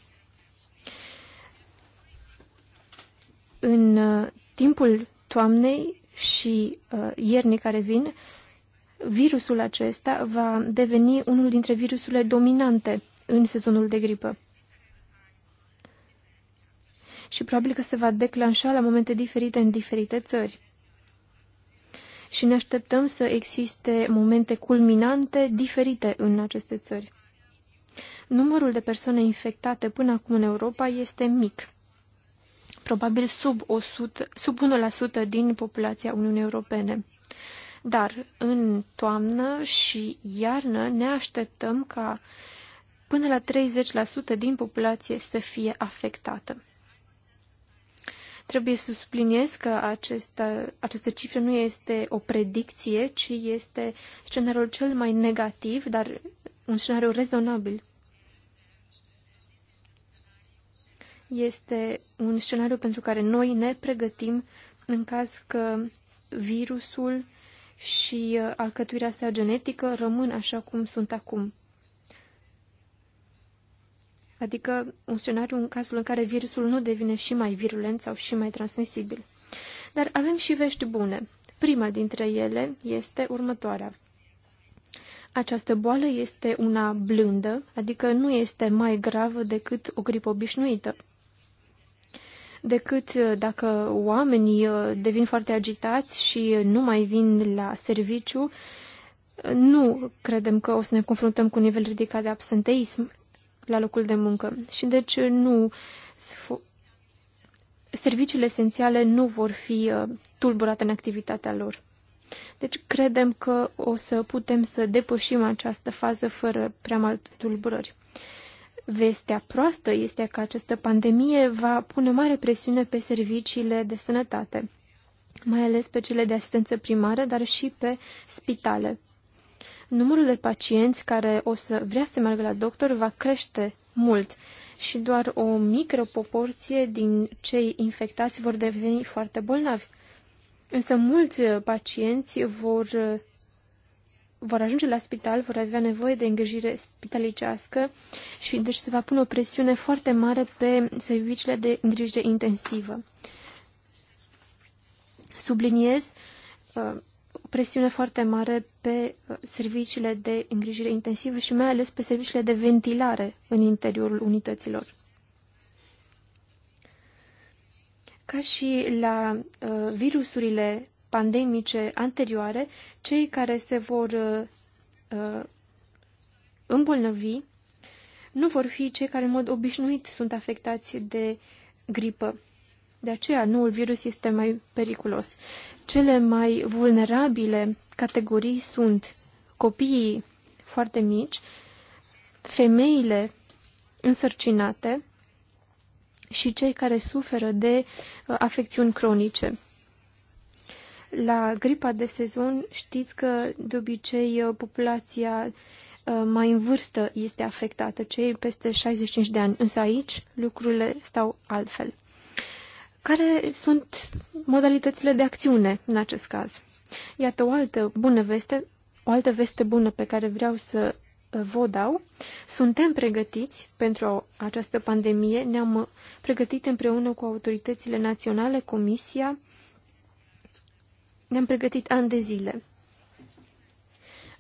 În uh, timpul toamnei și uh, iernii care vin, virusul acesta va deveni unul dintre virusurile dominante în sezonul de gripă. Și probabil că se va declanșa la momente diferite în diferite țări. Și ne așteptăm să existe momente culminante diferite în aceste țări. Numărul de persoane infectate până acum în Europa este mic, probabil sub, 100, sub 1% din populația Uniunii Europene. Dar în toamnă și iarnă ne așteptăm ca până la 30% din populație să fie afectată. Trebuie să subliniez că acesta, această cifră nu este o predicție, ci este scenariul cel mai negativ, dar un scenariu rezonabil. Este un scenariu pentru care noi ne pregătim în caz că virusul și uh, alcătuirea sa genetică rămân așa cum sunt acum. Adică un scenariu în cazul în care virusul nu devine și mai virulent sau și mai transmisibil. Dar avem și vești bune. Prima dintre ele este următoarea. Această boală este una blândă, adică nu este mai gravă decât o gripă obișnuită decât uh, dacă oamenii uh, devin foarte agitați și nu mai vin la serviciu, nu credem că o să ne confruntăm cu un nivel ridicat de absenteism la locul de muncă. Și deci uh, nu serviciile esențiale nu vor fi tulburate în activitatea lor. Deci credem că o să putem să depășim această fază fără prea mult tulburări. Vestea proastă este că această pandemie va pune mare presiune pe serviciile de sănătate, mai ales pe cele de asistență primară, dar și pe spitale. Numărul de pacienți care o să vrea să meargă la doctor va crește mult și doar o mică proporție din cei infectați vor deveni foarte bolnavi. Însă mulți pacienți vor vor ajunge la spital, vor avea nevoie de îngrijire spitalicească și deci se va pune o presiune foarte mare pe serviciile de îngrijire intensivă. Subliniez uh, presiune foarte mare pe uh, serviciile de îngrijire intensivă și mai ales pe serviciile de ventilare în interiorul unităților. Ca și la uh, virusurile pandemice anterioare, cei care se vor uh, uh, îmbolnăvi nu vor fi cei care în mod obișnuit sunt afectați de gripă. De aceea, noul virus este mai periculos. Cele mai vulnerabile categorii sunt copiii foarte mici, femeile însărcinate și cei care suferă de uh, afecțiuni cronice. La gripa de sezon știți că de obicei uh, populația uh, mai în vârstă este afectată, cei peste 65 de ani, însă aici lucrurile stau altfel. Care sunt modalitățile de acțiune în acest caz? Iată o altă bună veste, o altă veste bună pe care vreau să uh, vă dau. Suntem pregătiți pentru această pandemie, ne-am pregătit împreună cu autoritățile naționale, Comisia, ne-am pregătit ani de zile.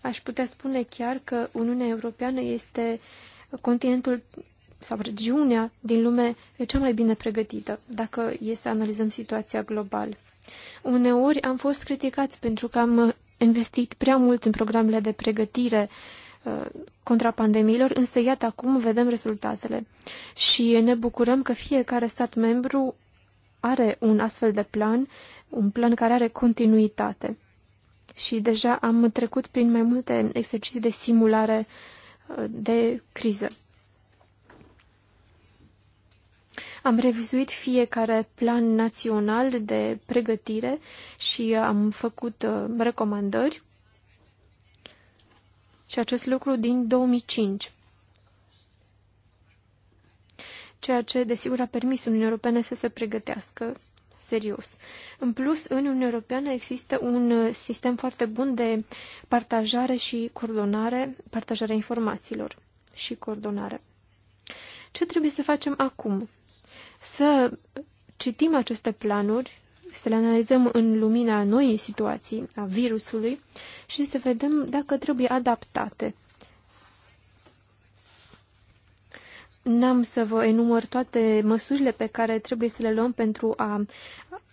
Aș putea spune chiar că Uniunea Europeană este continentul sau regiunea din lume cea mai bine pregătită, dacă e să analizăm situația globală. Uneori am fost criticați pentru că am investit prea mult în programele de pregătire uh, contra pandemiilor, însă iată acum vedem rezultatele și ne bucurăm că fiecare stat membru are un astfel de plan, un plan care are continuitate. Și deja am trecut prin mai multe exerciții de simulare uh, de criză. Am revizuit fiecare plan național de pregătire și am făcut uh, recomandări. Și acest lucru din 2005 ceea ce, desigur, a permis Uniunii Europene să se pregătească serios. În plus, în Uniunea Europeană există un uh, sistem foarte bun de partajare și coordonare, partajarea informațiilor și coordonare. Ce trebuie să facem acum? Să citim aceste planuri, să le analizăm în lumina noii situații a virusului și să vedem dacă trebuie adaptate N-am să vă enumăr toate măsurile pe care trebuie să le luăm pentru a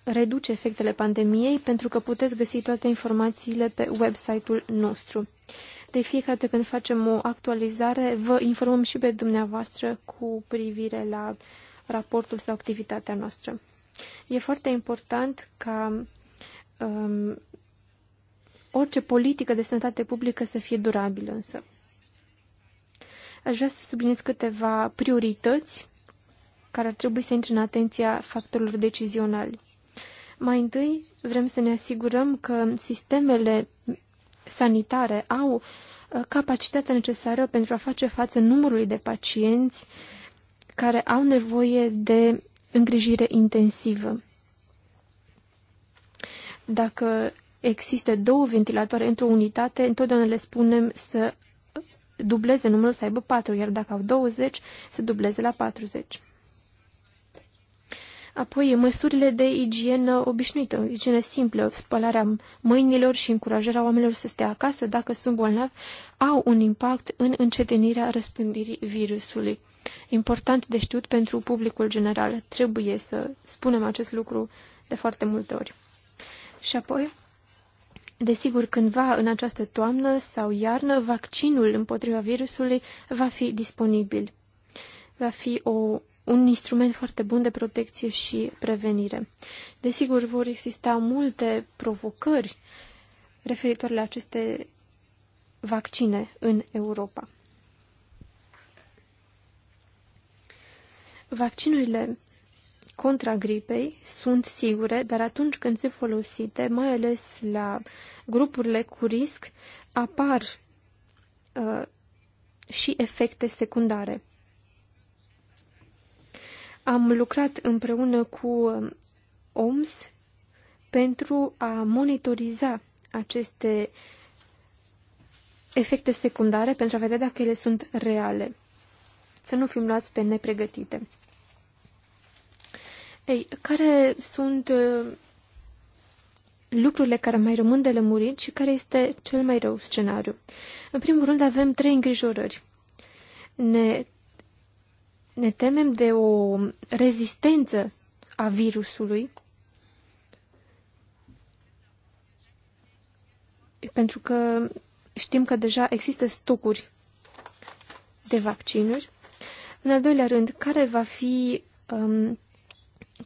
reduce efectele pandemiei, pentru că puteți găsi toate informațiile pe website-ul nostru. De fiecare dată când facem o actualizare, vă informăm și pe dumneavoastră cu privire la raportul sau activitatea noastră. E foarte important ca um, orice politică de sănătate publică să fie durabilă însă. Aș vrea să subliniez câteva priorități care ar trebui să intre în atenția factorilor decizionali. Mai întâi, vrem să ne asigurăm că sistemele sanitare au uh, capacitatea necesară pentru a face față numărului de pacienți care au nevoie de îngrijire intensivă. Dacă există două ventilatoare într-o unitate, întotdeauna le spunem să dubleze numărul să aibă 4, iar dacă au 20, să dubleze la 40. Apoi, măsurile de igienă obișnuită, igienă simplă, spălarea mâinilor și încurajarea oamenilor să stea acasă dacă sunt bolnavi, au un impact în încetinirea răspândirii virusului. Important de știut pentru publicul general. Trebuie să spunem acest lucru de foarte multe ori. Și apoi, Desigur, cândva în această toamnă sau iarnă, vaccinul împotriva virusului va fi disponibil. Va fi o, un instrument foarte bun de protecție și prevenire. Desigur, vor exista multe provocări referitoare la aceste vaccine în Europa. Vaccinurile contra gripei sunt sigure, dar atunci când sunt folosite, mai ales la grupurile cu risc, apar uh, și efecte secundare. Am lucrat împreună cu uh, OMS pentru a monitoriza aceste efecte secundare pentru a vedea dacă ele sunt reale. Să nu fim luați pe nepregătite. Ei, care sunt uh, lucrurile care mai rămân de lămurit și care este cel mai rău scenariu? În primul rând avem trei îngrijorări. Ne, ne temem de o rezistență a virusului pentru că știm că deja există stocuri de vaccinuri. În al doilea rând, care va fi um,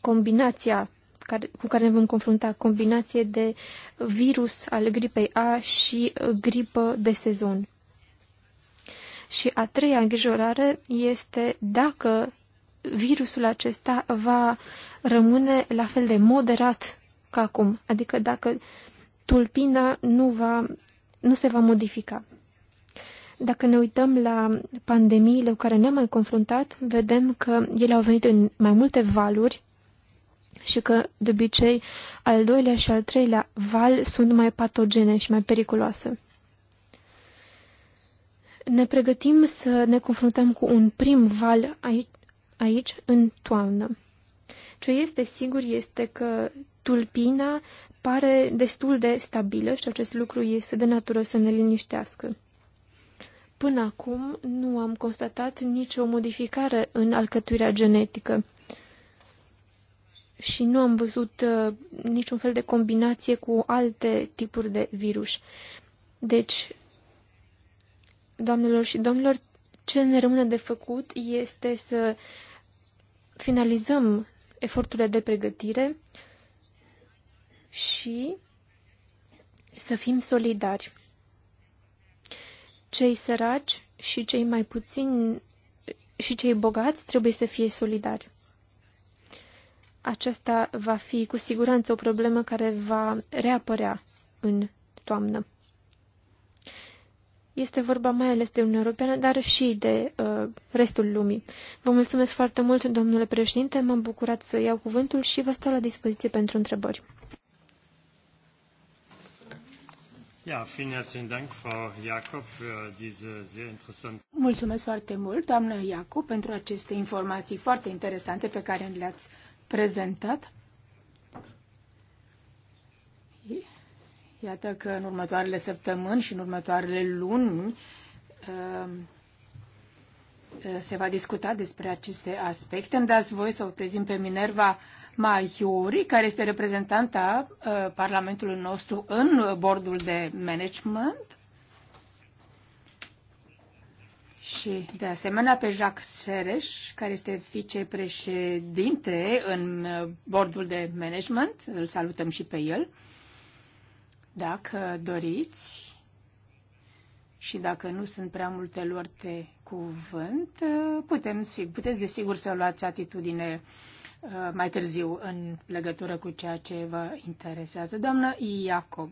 combinația care, cu care ne vom confrunta, combinație de virus al gripei A și gripă de sezon. Și a treia îngrijorare este dacă virusul acesta va rămâne la fel de moderat ca acum, adică dacă tulpina nu, va, nu se va modifica. Dacă ne uităm la pandemiile cu care ne-am mai confruntat, vedem că ele au venit în mai multe valuri, și că, de obicei, al doilea și al treilea val sunt mai patogene și mai periculoase. Ne pregătim să ne confruntăm cu un prim val aici, aici în toamnă. Ce este sigur este că tulpina pare destul de stabilă și acest lucru este de natură să ne liniștească. Până acum nu am constatat nicio modificare în alcătuirea genetică și nu am văzut uh, niciun fel de combinație cu alte tipuri de virus. Deci, doamnelor și domnilor, ce ne rămâne de făcut este să finalizăm eforturile de pregătire și să fim solidari. Cei săraci și cei mai puțini și cei bogați trebuie să fie solidari aceasta va fi cu siguranță o problemă care va reapărea în toamnă. Este vorba mai ales de Uniunea Europeană, dar și de uh, restul lumii. Vă mulțumesc foarte mult, domnule președinte, m-am bucurat să iau cuvântul și vă stau la dispoziție pentru întrebări. Ja, vielen herzlichen Dank, Frau Jakob, für diese sehr interessante... Mulțumesc foarte mult, doamnă Iacob, pentru aceste informații foarte interesante pe care le-ați prezentat. Iată că în următoarele săptămâni și în următoarele luni um, se va discuta despre aceste aspecte. Îmi dați voi să o prezint pe Minerva Maiuri, care este reprezentanta uh, Parlamentului nostru în bordul de management și, de asemenea, pe Jacques Sereș, care este vicepreședinte în uh, bordul de management. Îl salutăm și pe el. Dacă doriți și dacă nu sunt prea multe lor de cuvânt, uh, putem, puteți desigur să luați atitudine uh, mai târziu în legătură cu ceea ce vă interesează. Doamnă Iacob.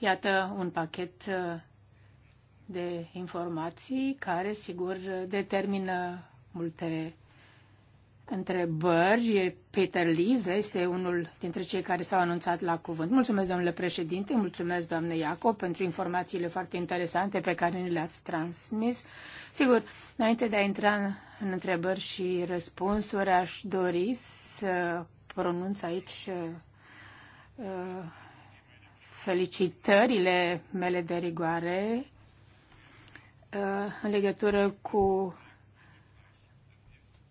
Iată un pachet uh, de informații care, sigur, determină multe întrebări. Peter Liza este unul dintre cei care s-au anunțat la cuvânt. Mulțumesc, domnule președinte, mulțumesc, doamne Iacob, pentru informațiile foarte interesante pe care ni le-ați transmis. Sigur, înainte de a intra în întrebări și răspunsuri, aș dori să pronunț aici uh, uh, felicitările mele de rigoare uh, în legătură cu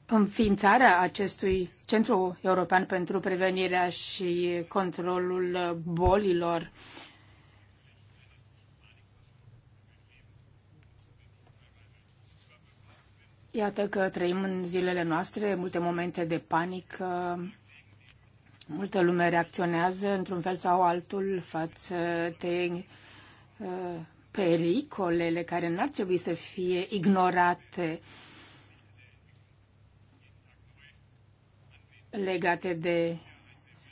înființarea acestui Centru European pentru Prevenirea și Controlul Bolilor. Iată că trăim în zilele noastre multe momente de panică Multă lume reacționează într-un fel sau altul față de uh, pericolele care n-ar trebui să fie ignorate legate de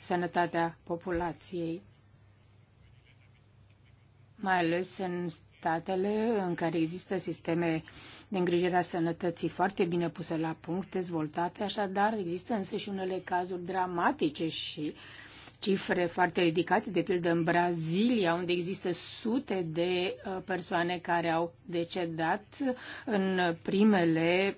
sănătatea populației, mai ales în statele în care există sisteme de îngrijire a sănătății foarte bine puse la punct, dezvoltate, așadar există însă și unele cazuri dramatice și cifre foarte ridicate, de pildă în Brazilia, unde există sute de uh, persoane care au decedat în primele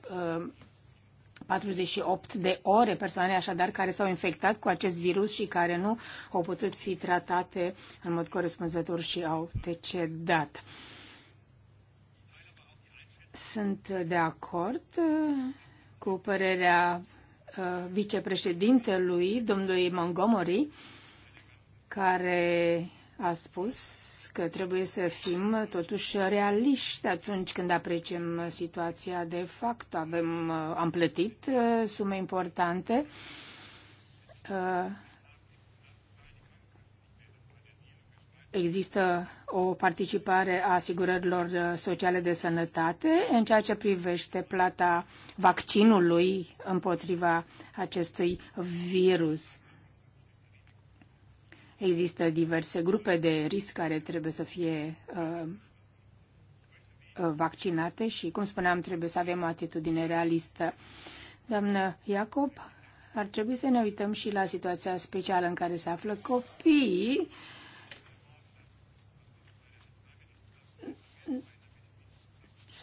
48 uh, de ore, persoane așadar care s-au infectat cu acest virus și care nu au putut fi tratate în mod corespunzător și au decedat. Sunt de acord uh, cu părerea uh, vicepreședintelui, domnului Montgomery, care a spus că trebuie să fim totuși realiști atunci când apreciem situația de fapt. Avem, uh, am plătit sume importante există o participare a asigurărilor uh, sociale de sănătate în ceea ce privește plata vaccinului împotriva acestui virus. Există diverse grupe de risc care trebuie să fie uh, uh, vaccinate și, cum spuneam, trebuie să avem o atitudine realistă. Doamnă Iacob, ar trebui să ne uităm și la situația specială în care se află copiii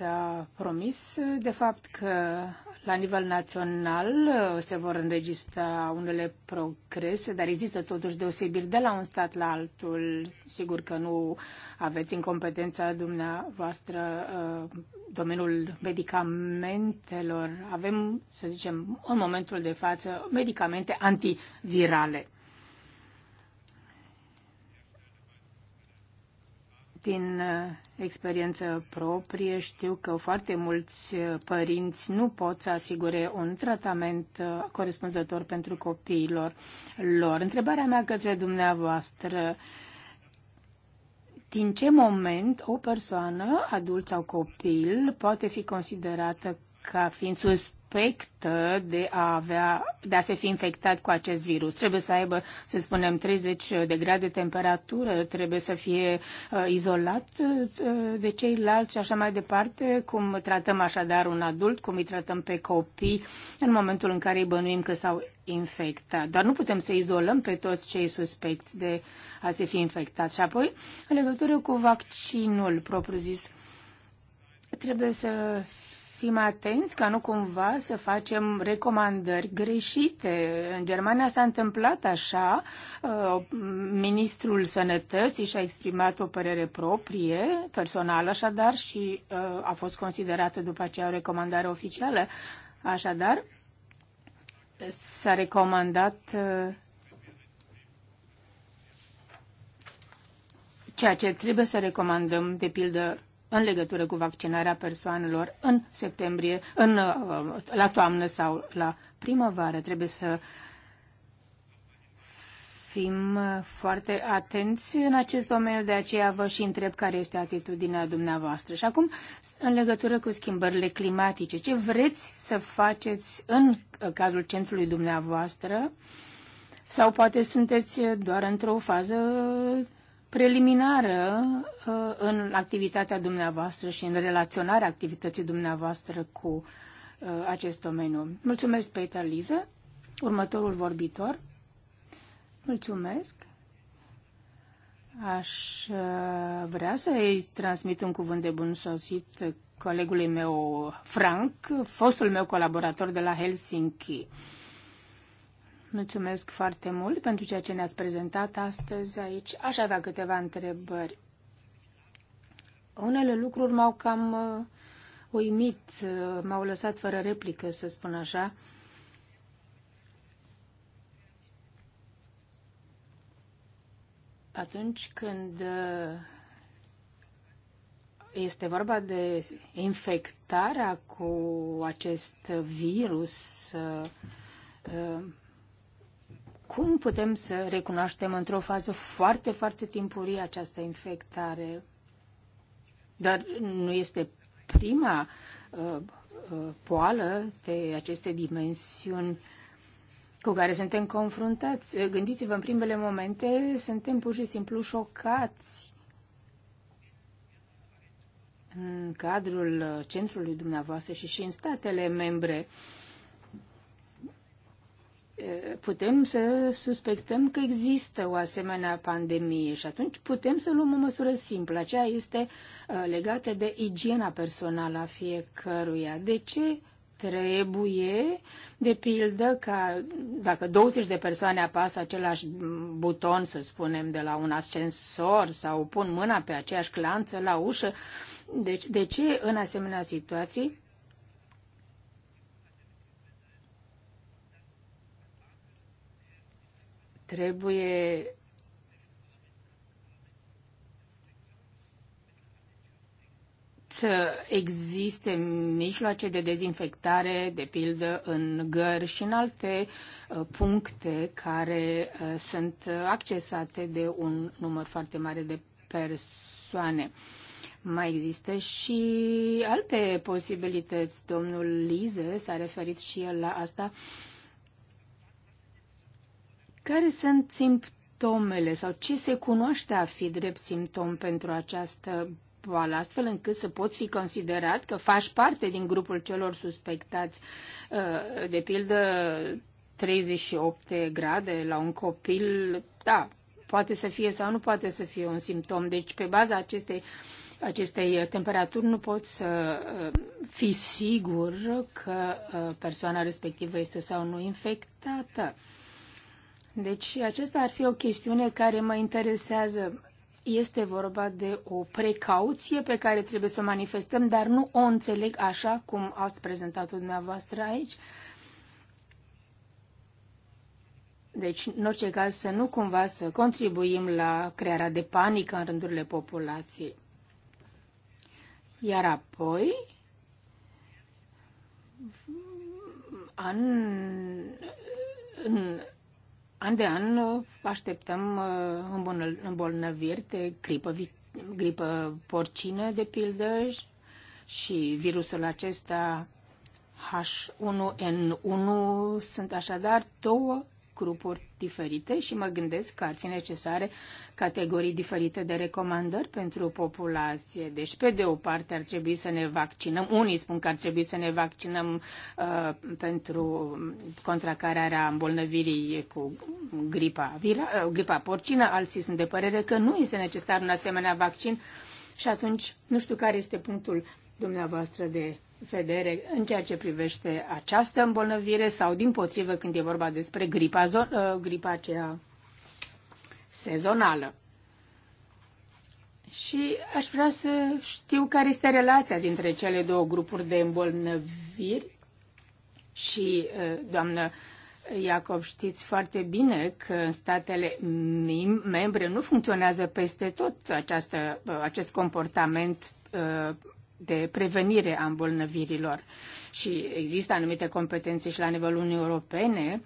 ați promis, de fapt, că la nivel național uh, se vor înregistra unele progrese, dar există totuși deosebiri de la un stat la altul. Sigur că nu aveți în competența dumneavoastră uh, domeniul medicamentelor. Avem, să zicem, în momentul de față medicamente antivirale. din uh, experiență proprie știu că foarte mulți uh, părinți nu pot să asigure un tratament uh, corespunzător pentru copiilor lor. Întrebarea mea către dumneavoastră, din ce moment o persoană, adult sau copil, poate fi considerată ca fiind suspectă de a, avea, de a se fi infectat cu acest virus. Trebuie să aibă, să spunem, 30 de grade temperatură, trebuie să fie uh, izolat uh, de ceilalți și așa mai departe, cum tratăm așadar un adult, cum îi tratăm pe copii în momentul în care îi bănuim că s-au infectat. Dar nu putem să izolăm pe toți cei suspecți de a se fi infectat. Și apoi, în legătură cu vaccinul propriu-zis, trebuie să fim atenți ca nu cumva să facem recomandări greșite. În Germania s-a întâmplat așa, uh, ministrul sănătății și-a exprimat o părere proprie, personală așadar, și uh, a fost considerată după aceea o recomandare oficială. Așadar, s-a recomandat uh, ceea ce trebuie să recomandăm, de pildă, în legătură cu vaccinarea persoanelor în septembrie, în, uh, la toamnă sau la primăvară. Trebuie să fim foarte atenți în acest domeniu, de aceea vă și întreb care este atitudinea dumneavoastră. Și acum, în legătură cu schimbările climatice, ce vreți să faceți în cadrul centrului dumneavoastră? Sau poate sunteți doar într-o fază preliminară uh, în activitatea dumneavoastră și în relaționarea activității dumneavoastră cu uh, acest domeniu. Mulțumesc, Peter Liză. Următorul vorbitor. Mulțumesc. Aș uh, vrea să-i transmit un cuvânt de bun sosit colegului meu Frank, fostul meu colaborator de la Helsinki. Uh, Mulțumesc foarte mult pentru ceea ce ne-ați prezentat astăzi aici. Aș avea câteva întrebări. Unele lucruri m-au cam uh, uimit, uh, m-au lăsat fără replică, să spun așa. Atunci când uh, este vorba de infectarea cu acest virus, cum putem să recunoaștem într-o fază foarte, foarte timpurie această infectare? Dar nu este prima uh, uh, poală de aceste dimensiuni cu care suntem confruntați. Gândiți-vă, în primele momente suntem pur și simplu șocați. În cadrul uh, centrului dumneavoastră și și în statele membre, uh, putem să suspectăm că există o asemenea pandemie și atunci putem să luăm o măsură simplă. Aceea este legată de igiena personală a fiecăruia. De ce trebuie, de pildă, ca dacă 20 de persoane apasă același buton, să spunem, de la un ascensor sau pun mâna pe aceeași clanță la ușă, deci de ce în asemenea situații Trebuie să existe mijloace de dezinfectare, de pildă în gări și în alte uh, puncte care uh, sunt accesate de un număr foarte mare de persoane. Mai există și alte posibilități. Domnul Lize s-a referit și el la asta. Uh, care sunt simptomele sau ce se cunoaște a fi drept simptom pentru această boală, astfel încât să poți fi considerat că faci parte din grupul celor suspectați, uh, de pildă 38 grade la un copil, da, poate să fie sau nu poate să fie un simptom. Deci, pe baza acestei, acestei temperaturi, nu poți să uh, fii sigur că uh, persoana respectivă este sau nu infectată. Deci aceasta ar fi o chestiune care mă interesează. Este vorba de o precauție pe care trebuie să o manifestăm, dar nu o înțeleg așa cum ați prezentat-o dumneavoastră aici. Deci, în orice caz, să nu cumva să contribuim la crearea de panică în rândurile populației. Iar apoi, în, în an de an uh, așteptăm uh, îmbolnăviri de gripă, gripă porcină, de pildă, și virusul acesta H1N1 sunt așadar două grupuri diferite și mă gândesc că ar fi necesare categorii diferite de recomandări pentru populație. Deci, pe de o parte, ar trebui să ne vaccinăm. Unii spun că ar trebui să ne vaccinăm uh, pentru contracararea îmbolnăvirii cu gripa, vira, uh, gripa porcină, alții sunt de părere că nu este necesar un asemenea vaccin. Și atunci, nu știu care este punctul dumneavoastră de vedere în ceea ce privește această îmbolnăvire sau, din potrivă, când e vorba despre gripa, uh, gripa aceea sezonală. Și aș vrea să știu care este relația dintre cele două grupuri de îmbolnăviri și, uh, doamnă Iacob, știți foarte bine că în statele membre nu funcționează peste tot această, uh, acest comportament de prevenire a îmbolnăvirilor și există anumite competențe și la nivelul Uniunii Europene,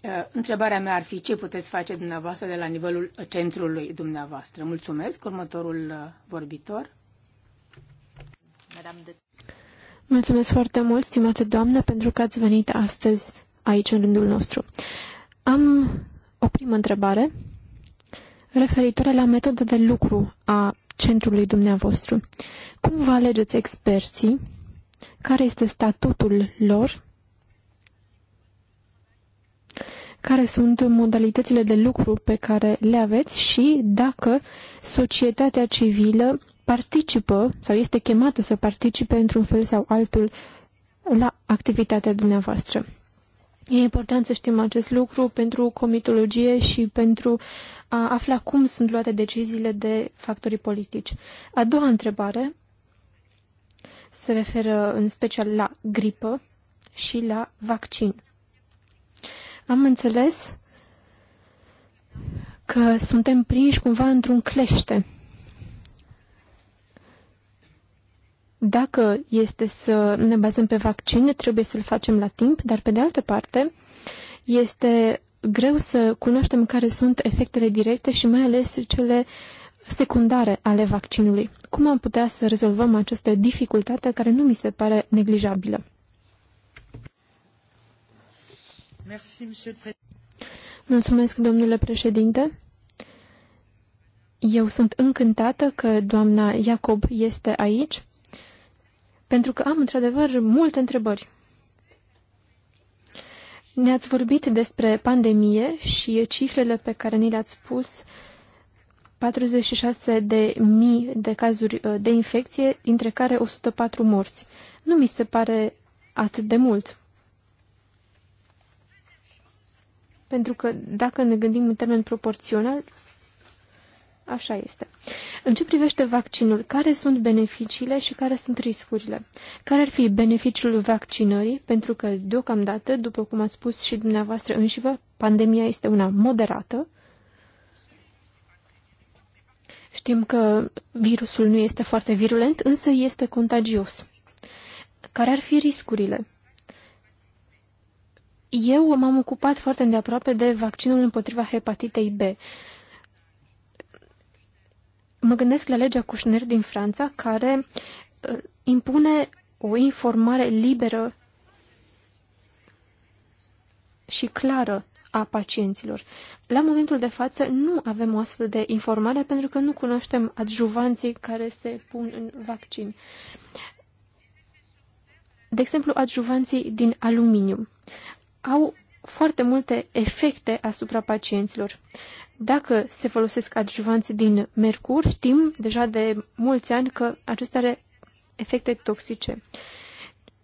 uh, întrebarea mea ar fi ce puteți face dumneavoastră de la nivelul centrului dumneavoastră. Mulțumesc. Următorul uh, vorbitor. Mulțumesc foarte mult, stimată doamnă, pentru că ați venit astăzi aici în rândul nostru. Am o primă întrebare referitoare la metoda de lucru a centrului dumneavoastră. Cum vă alegeți experții? Care este statutul lor? Care sunt modalitățile de lucru pe care le aveți și dacă societatea civilă participă sau este chemată să participe într-un fel sau altul la activitatea dumneavoastră? E important să știm acest lucru pentru comitologie și pentru a afla cum sunt luate deciziile de factorii politici. A doua întrebare se referă în special la gripă și la vaccin. Am înțeles că suntem prinși cumva într-un clește Dacă este să ne bazăm pe vaccin, trebuie să-l facem la timp, dar pe de altă parte este greu să cunoaștem care sunt efectele directe și mai ales cele secundare ale vaccinului. Cum am putea să rezolvăm această dificultate care nu mi se pare neglijabilă? Mulțumesc, domnule președinte. Eu sunt încântată că doamna Iacob este aici pentru că am într-adevăr multe întrebări. Ne-ați vorbit despre pandemie și cifrele pe care ni le-ați spus, 46 de mii de cazuri uh, de infecție, dintre care 104 morți. Nu mi se pare atât de mult. Pentru că dacă ne gândim în termen proporțional, Așa este. În ce privește vaccinul, care sunt beneficiile și care sunt riscurile? Care ar fi beneficiul vaccinării? Pentru că, deocamdată, după cum a spus și dumneavoastră înșivă, pandemia este una moderată. Știm că virusul nu este foarte virulent, însă este contagios. Care ar fi riscurile? Eu m-am ocupat foarte îndeaproape de vaccinul împotriva hepatitei B mă gândesc la legea Cușner din Franța, care uh, impune o informare liberă și clară a pacienților. La momentul de față nu avem o astfel de informare pentru că nu cunoaștem adjuvanții care se pun în vaccin. De exemplu, adjuvanții din aluminiu au foarte multe efecte asupra pacienților. Dacă se folosesc adjuvanți din mercur, știm deja de mulți ani că acesta are efecte toxice.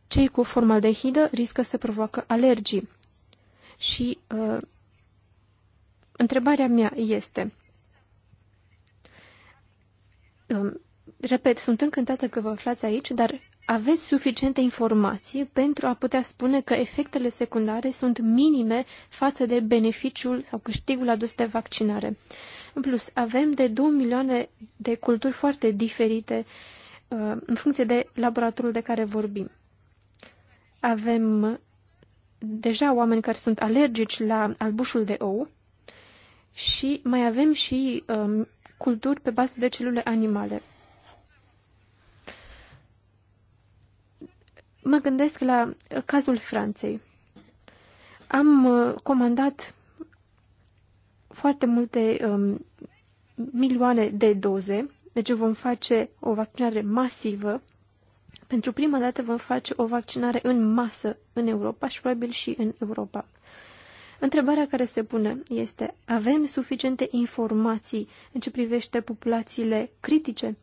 Cei cu formaldehidă riscă să provoacă alergii. Și uh, întrebarea mea este, uh, repet, sunt încântată că vă aflați aici, dar aveți suficiente informații pentru a putea spune că efectele secundare sunt minime față de beneficiul sau câștigul adus de vaccinare. În plus, avem de 2 milioane de culturi foarte diferite uh, în funcție de laboratorul de care vorbim. Avem uh, deja oameni care sunt alergici la albușul de ou și mai avem și uh, culturi pe bază de celule animale. Mă gândesc la uh, cazul Franței. Am uh, comandat foarte multe um, milioane de doze, deci vom face o vaccinare masivă. Pentru prima dată vom face o vaccinare în masă în Europa și probabil și în Europa. Întrebarea care se pune este, avem suficiente informații în ce privește populațiile critice?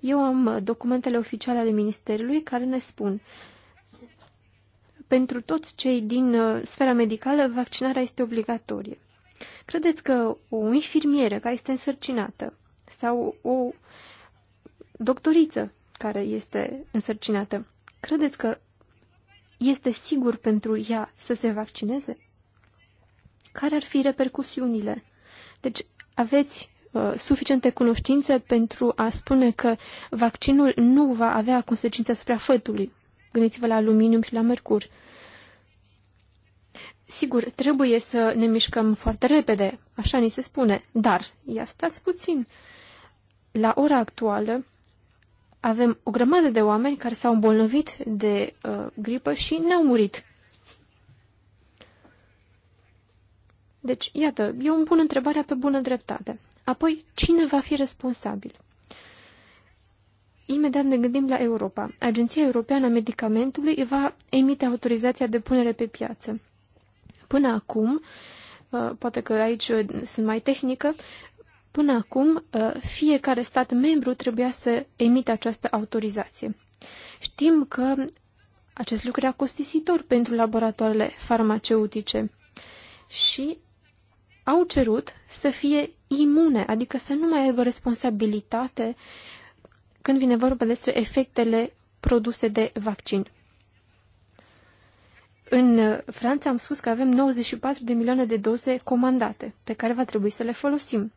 Eu am uh, documentele oficiale ale Ministerului care ne spun pentru toți cei din uh, sfera medicală, vaccinarea este obligatorie. Credeți că o infirmieră care este însărcinată sau o doctoriță care este însărcinată, credeți că este sigur pentru ea să se vaccineze? Care ar fi repercusiunile? Deci aveți uh, suficiente cunoștințe pentru a spune că vaccinul nu va avea consecințe asupra fătului. Gândiți-vă la aluminium și la mercur. Sigur, trebuie să ne mișcăm foarte repede, așa ni se spune, dar ia stați puțin. La ora actuală avem o grămadă de oameni care s-au îmbolnăvit de uh, gripă și n-au murit. Deci, iată, e o bună întrebare pe bună dreptate. Apoi, cine va fi responsabil? Imediat ne gândim la Europa. Agenția Europeană a Medicamentului va emite autorizația de punere pe piață. Până acum, uh, poate că aici uh, sunt mai tehnică, până acum uh, fiecare stat membru trebuia să emite această autorizație. Știm că acest lucru era costisitor pentru laboratoarele farmaceutice și au cerut să fie imune, adică să nu mai aibă responsabilitate uh, când vine vorba despre efectele produse de vaccin. În Franța am spus că avem 94 de milioane de doze comandate, pe care va trebui să le folosim.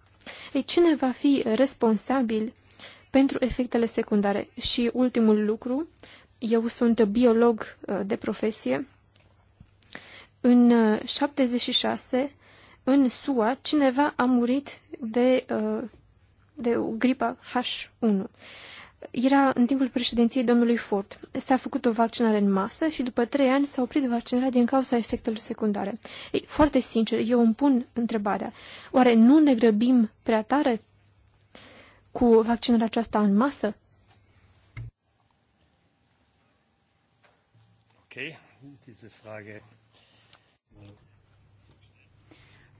Ei, cine va fi responsabil pentru efectele secundare? Și ultimul lucru, eu sunt biolog uh, de profesie. În 76, uh, în SUA, cineva a murit de, uh, de gripa H1 era în timpul președinției domnului Ford. S-a făcut o vaccinare în masă și după trei ani s-a oprit vaccinarea din cauza efectelor secundare. Ei, foarte sincer, eu îmi pun întrebarea. Oare nu ne grăbim prea tare cu vaccinarea aceasta în masă? Ok, diese Frage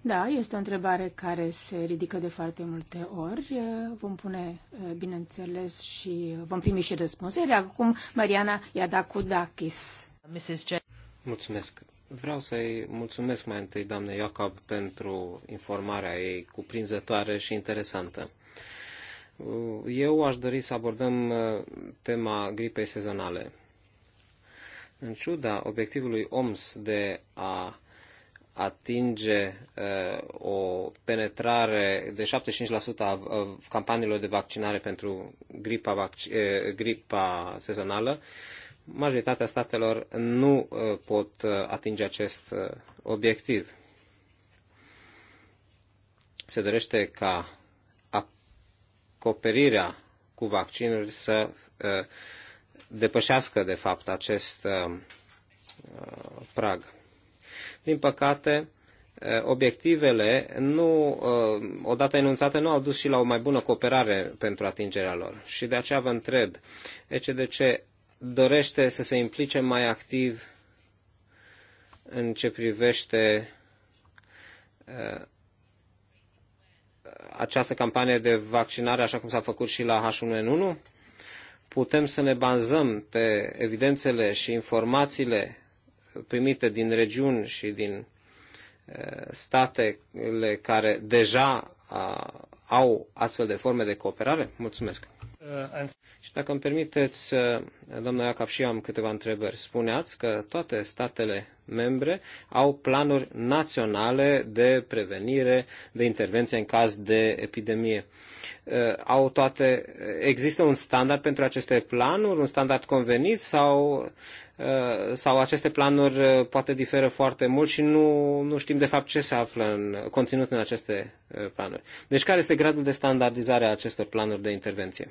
Da, este o întrebare care se ridică de foarte multe ori. Vom pune, bineînțeles, și vom primi și răspunsuri. Acum, Mariana Iadacudakis. Mrs. Mulțumesc. Vreau să-i mulțumesc mai întâi, doamne Iacob, pentru informarea ei cuprinzătoare și interesantă. Eu aș dori să abordăm uh, tema gripei sezonale. În ciuda obiectivului OMS de a atinge uh, o penetrare de 75% a campaniilor de vaccinare pentru gripa, vac- uh, gripa sezonală, majoritatea statelor nu uh, pot atinge acest obiectiv. Se dorește ca acoperirea cu vaccinuri să depășească, de fapt, acest prag. Din păcate, obiectivele nu, odată enunțate nu au dus și la o mai bună cooperare pentru atingerea lor. Și de aceea vă întreb, de ce dorește să se implice mai activ în ce privește această campanie de vaccinare, așa cum s-a făcut și la H1N1? Putem să ne bazăm pe evidențele și informațiile primite din regiuni și din uh, statele care deja au astfel de forme de cooperare? Mulțumesc! Și dacă îmi permiteți, uh, domnule Iacob, și eu am câteva întrebări. Spuneați că toate statele membre au planuri naționale de prevenire, de intervenție în caz de epidemie. Uh, au toate, există un standard pentru aceste planuri, un standard convenit sau, uh, sau aceste planuri uh, poate diferă foarte mult și nu, nu știm de fapt ce se află în, conținut în aceste planuri. Deci care este gradul de standardizare a acestor planuri de intervenție?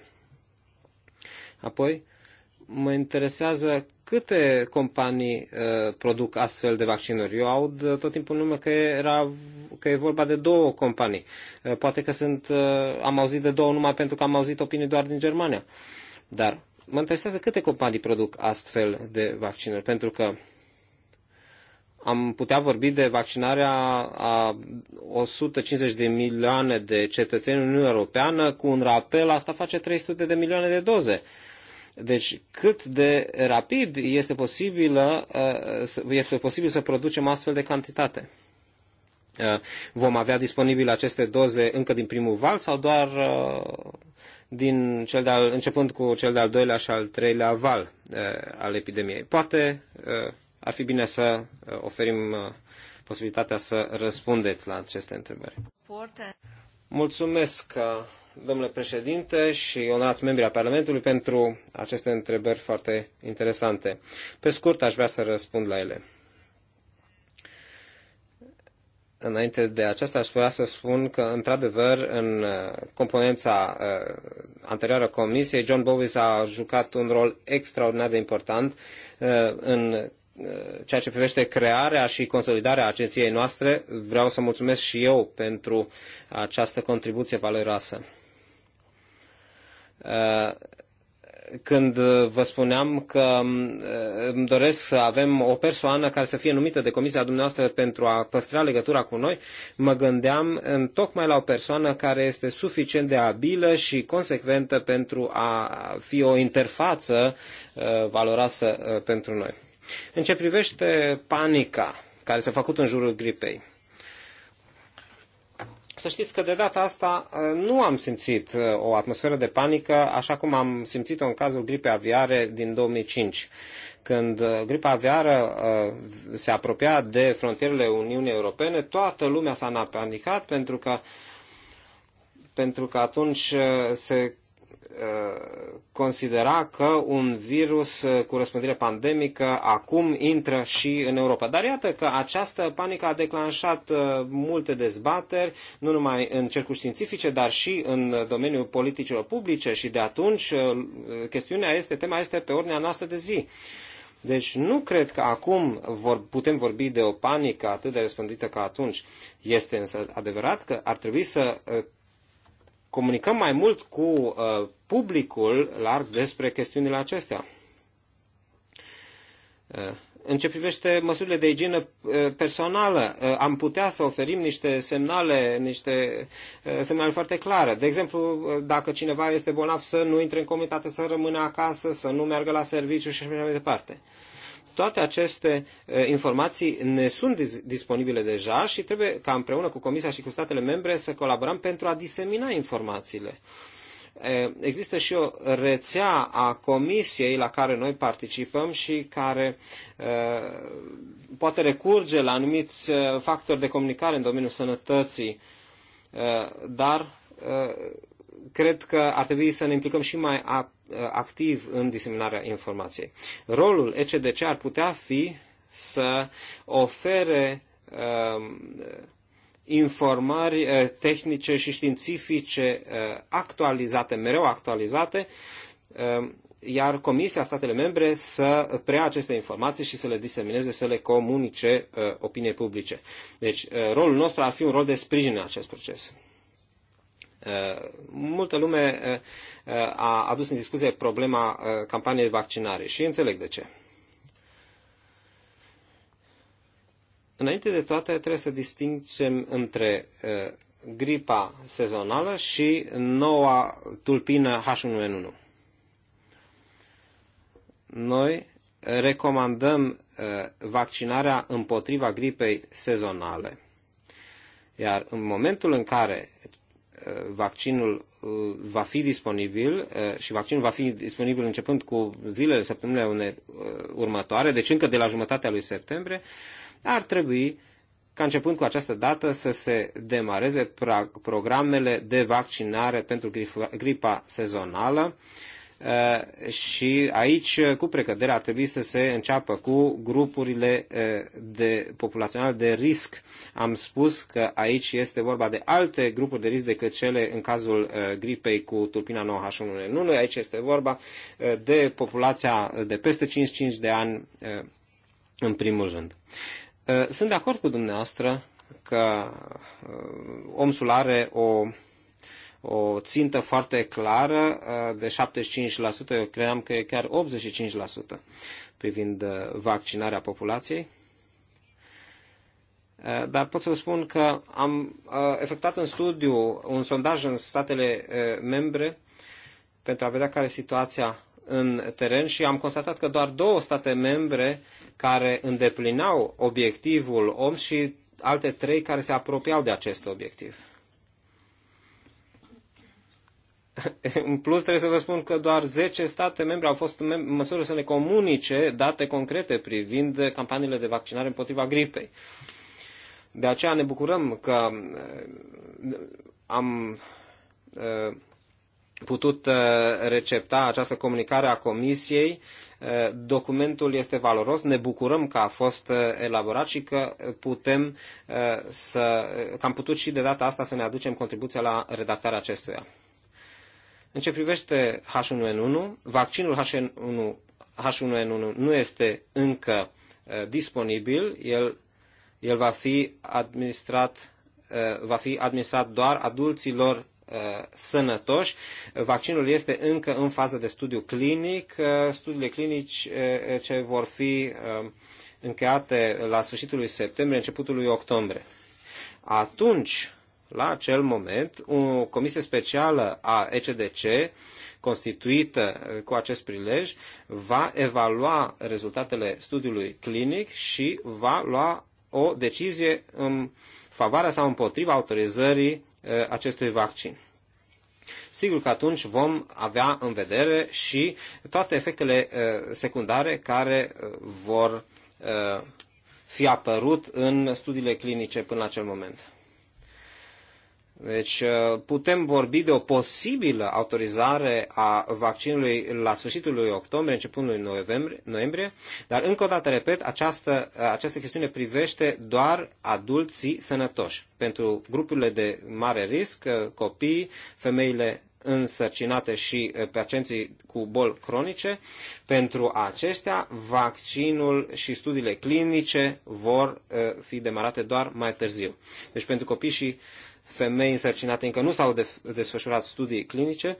Apoi, uh, mă interesează câte companii uh, produc astfel de vaccinuri. Eu aud uh, tot timpul nume că, era, că e vorba de două companii. Uh, poate că sunt, uh, am auzit de două numai pentru că am auzit opinii doar din Germania. Dar mă interesează câte companii produc astfel de vaccinuri, pentru că am putea vorbi de vaccinarea a 150 de milioane de cetățeni în Uniunea Europeană cu un rapel, asta face 300 de milioane de doze. Uh, deci cât de rapid este, posibilă, uh, uh, este posibil să producem astfel de cantitate? Uh, vom avea disponibile aceste doze încă din primul val sau doar din cel de -al, începând cu cel de-al doilea și al treilea val al epidemiei? Poate ar fi bine să oferim posibilitatea să răspundeți la aceste întrebări. Mulțumesc domnule președinte și onorați membri ai Parlamentului, pentru aceste întrebări foarte interesante. Pe scurt, aș vrea să răspund la ele. Înainte de aceasta, aș vrea să spun că, într-adevăr, în uh, componența uh, anterioară comisiei, John Bowis a jucat un rol extraordinar de important uh, în ceea ce privește crearea și consolidarea agenției noastre, vreau să mulțumesc și eu pentru această contribuție valoroasă. Uh, când uh, vă spuneam că um, uh, îmi doresc să avem o persoană care să fie numită de comisia dumneavoastră pentru a păstra legătura cu noi, mă gândeam în tocmai la o persoană care este suficient de abilă și consecventă pentru a fi o interfață valoroasă pentru noi. În ce privește panica care s-a făcut în jurul gripei, să știți că de data asta uh, nu am simțit uh, o atmosferă de panică, așa cum am simțit-o în cazul gripei aviare din 2005, când uh, gripa aviară se apropia de frontierele Uniunii Europene, toată lumea s-a panicat pentru că pentru că atunci se considera că un virus cu răspândire pandemică acum intră și în Europa. Dar iată că această panică a declanșat uh, multe dezbateri, nu numai în cercuri științifice, dar și în domeniul politicilor publice și de atunci uh, chestiunea este, tema este pe ordinea noastră de zi. Deci nu cred că acum vor, putem vorbi de o panică atât de răspândită ca atunci. Este însă adevărat că ar trebui să uh, comunicăm mai mult cu uh, publicul larg despre chestiunile acestea. Uh, în ce privește măsurile de igienă uh, personală, am putea să oferim niște semnale, niște semnale foarte clare. De exemplu, dacă cineva este bolnav, să nu intre în comunitate, să rămână acasă, să nu meargă la serviciu și așa mai departe. Uh, toate aceste informații ne sunt disponibile deja și trebuie ca împreună cu Comisia și cu statele membre să colaborăm pentru a disemina informațiile. Există și o rețea a comisiei la care noi participăm și care poate recurge la anumiți factori de comunicare în domeniul sănătății, dar cred că ar trebui să ne implicăm și mai activ în diseminarea informației. Rolul ECDC ar putea fi să ofere um, informări uh, tehnice și științifice uh, actualizate, mereu actualizate, um, iar Comisia Statele Membre să preia aceste informații și să le disemineze, să le comunice uh, opiniei publice. Deci, rolul nostru ar fi un rol de sprijin în acest proces. Uh, multă lume uh, uh, a adus în discuție problema campaniei de vaccinare și înțeleg de ce. Înainte de toate, trebuie să distingem între gripa sezonală și noua tulpină H1N1. Noi recomandăm vaccinarea împotriva gripei sezonale. Iar în momentul în care vaccinul uh, va fi disponibil uh, și vaccinul va fi disponibil începând cu zilele, săptămânile uh, următoare, deci încă de la jumătatea lui septembrie, ar trebui ca începând cu această dată să se demareze programele de vaccinare pentru gripa sezonală, Uh, și aici, uh, cu precădere, ar trebui să se înceapă cu grupurile uh, de, populaționale de risc. Am spus că aici este vorba de alte grupuri de risc decât cele în cazul gripei cu tulpina 9 H1N1. Aici este vorba de populația de peste 55 de ani în primul rând. Sunt de acord cu dumneavoastră că omsul are o o țintă foarte clară uh, de 75%, eu cream că e chiar 85% privind uh, vaccinarea populației. Uh, dar pot să vă spun că am efectuat în studiu un sondaj în statele membre pentru a vedea care e situația în teren și am constatat că doar două state membre care îndeplinau obiectivul OMS și alte trei care se apropiau de acest obiectiv. În plus, trebuie să vă spun că doar 10 state membre au fost în măsură să ne comunice date concrete privind campaniile de vaccinare împotriva gripei. De aceea ne bucurăm că eh, am eh, putut eh, recepta această comunicare a Comisiei. Documentul este valoros, ne bucurăm că a fost elaborat și că putem să, că am putut și de data asta să ne aducem contribuția la redactarea acestuia. În ce privește H1N1, vaccinul H1N1, H1N1 nu este încă uh, disponibil, el, el va, fi administrat, uh, va fi administrat doar adulților uh, sănătoși. Vaccinul este încă în fază de studiu clinic. Uh, studiile clinici uh, ce vor fi încheiate la sfârșitul lui septembrie, începutul lui octombrie. Atunci la acel moment, o comisie specială a ECDC, constituită cu acest prilej, va evalua rezultatele studiului clinic și va lua o decizie în favoarea sau împotriva autorizării uh, acestui vaccin. Sigur că atunci vom avea în vedere și toate efectele uh, secundare care uh, vor fi apărut în studiile clinice până la acel moment. Deci uh, putem vorbi de o posibilă autorizare a vaccinului la sfârșitul lui octombrie, începutul lui noiembrie, noiembrie dar încă o dată repet, această, uh, această chestiune privește doar adulții sănătoși. Pentru grupurile de mare risc, uh, copii, femeile însărcinate și pacienții cu boli cronice, pentru acestea, vaccinul și studiile clinice vor fi demarate doar mai târziu. Deci pentru copii și femei însărcinate încă nu s-au desfășurat studii clinice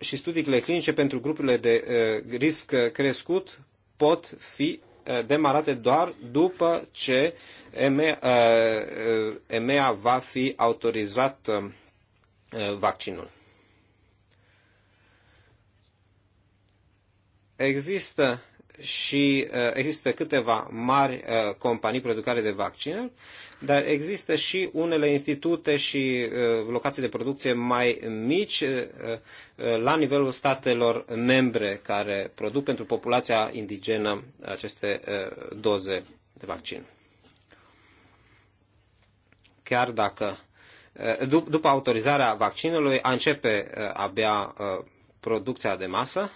și studiile clinice pentru grupurile de risc crescut pot fi demarate doar după ce EMEA, EMEA va fi autorizat Uh, vaccinul. Există și uh, există câteva mari uh, companii producătoare de vaccin, dar există și unele institute și locații de producție mai mici la nivelul statelor membre care produc pentru populația indigenă aceste doze de vaccin. Chiar dacă Eh, după autorizarea vaccinului, a începe eh, abia eh, producția de masă.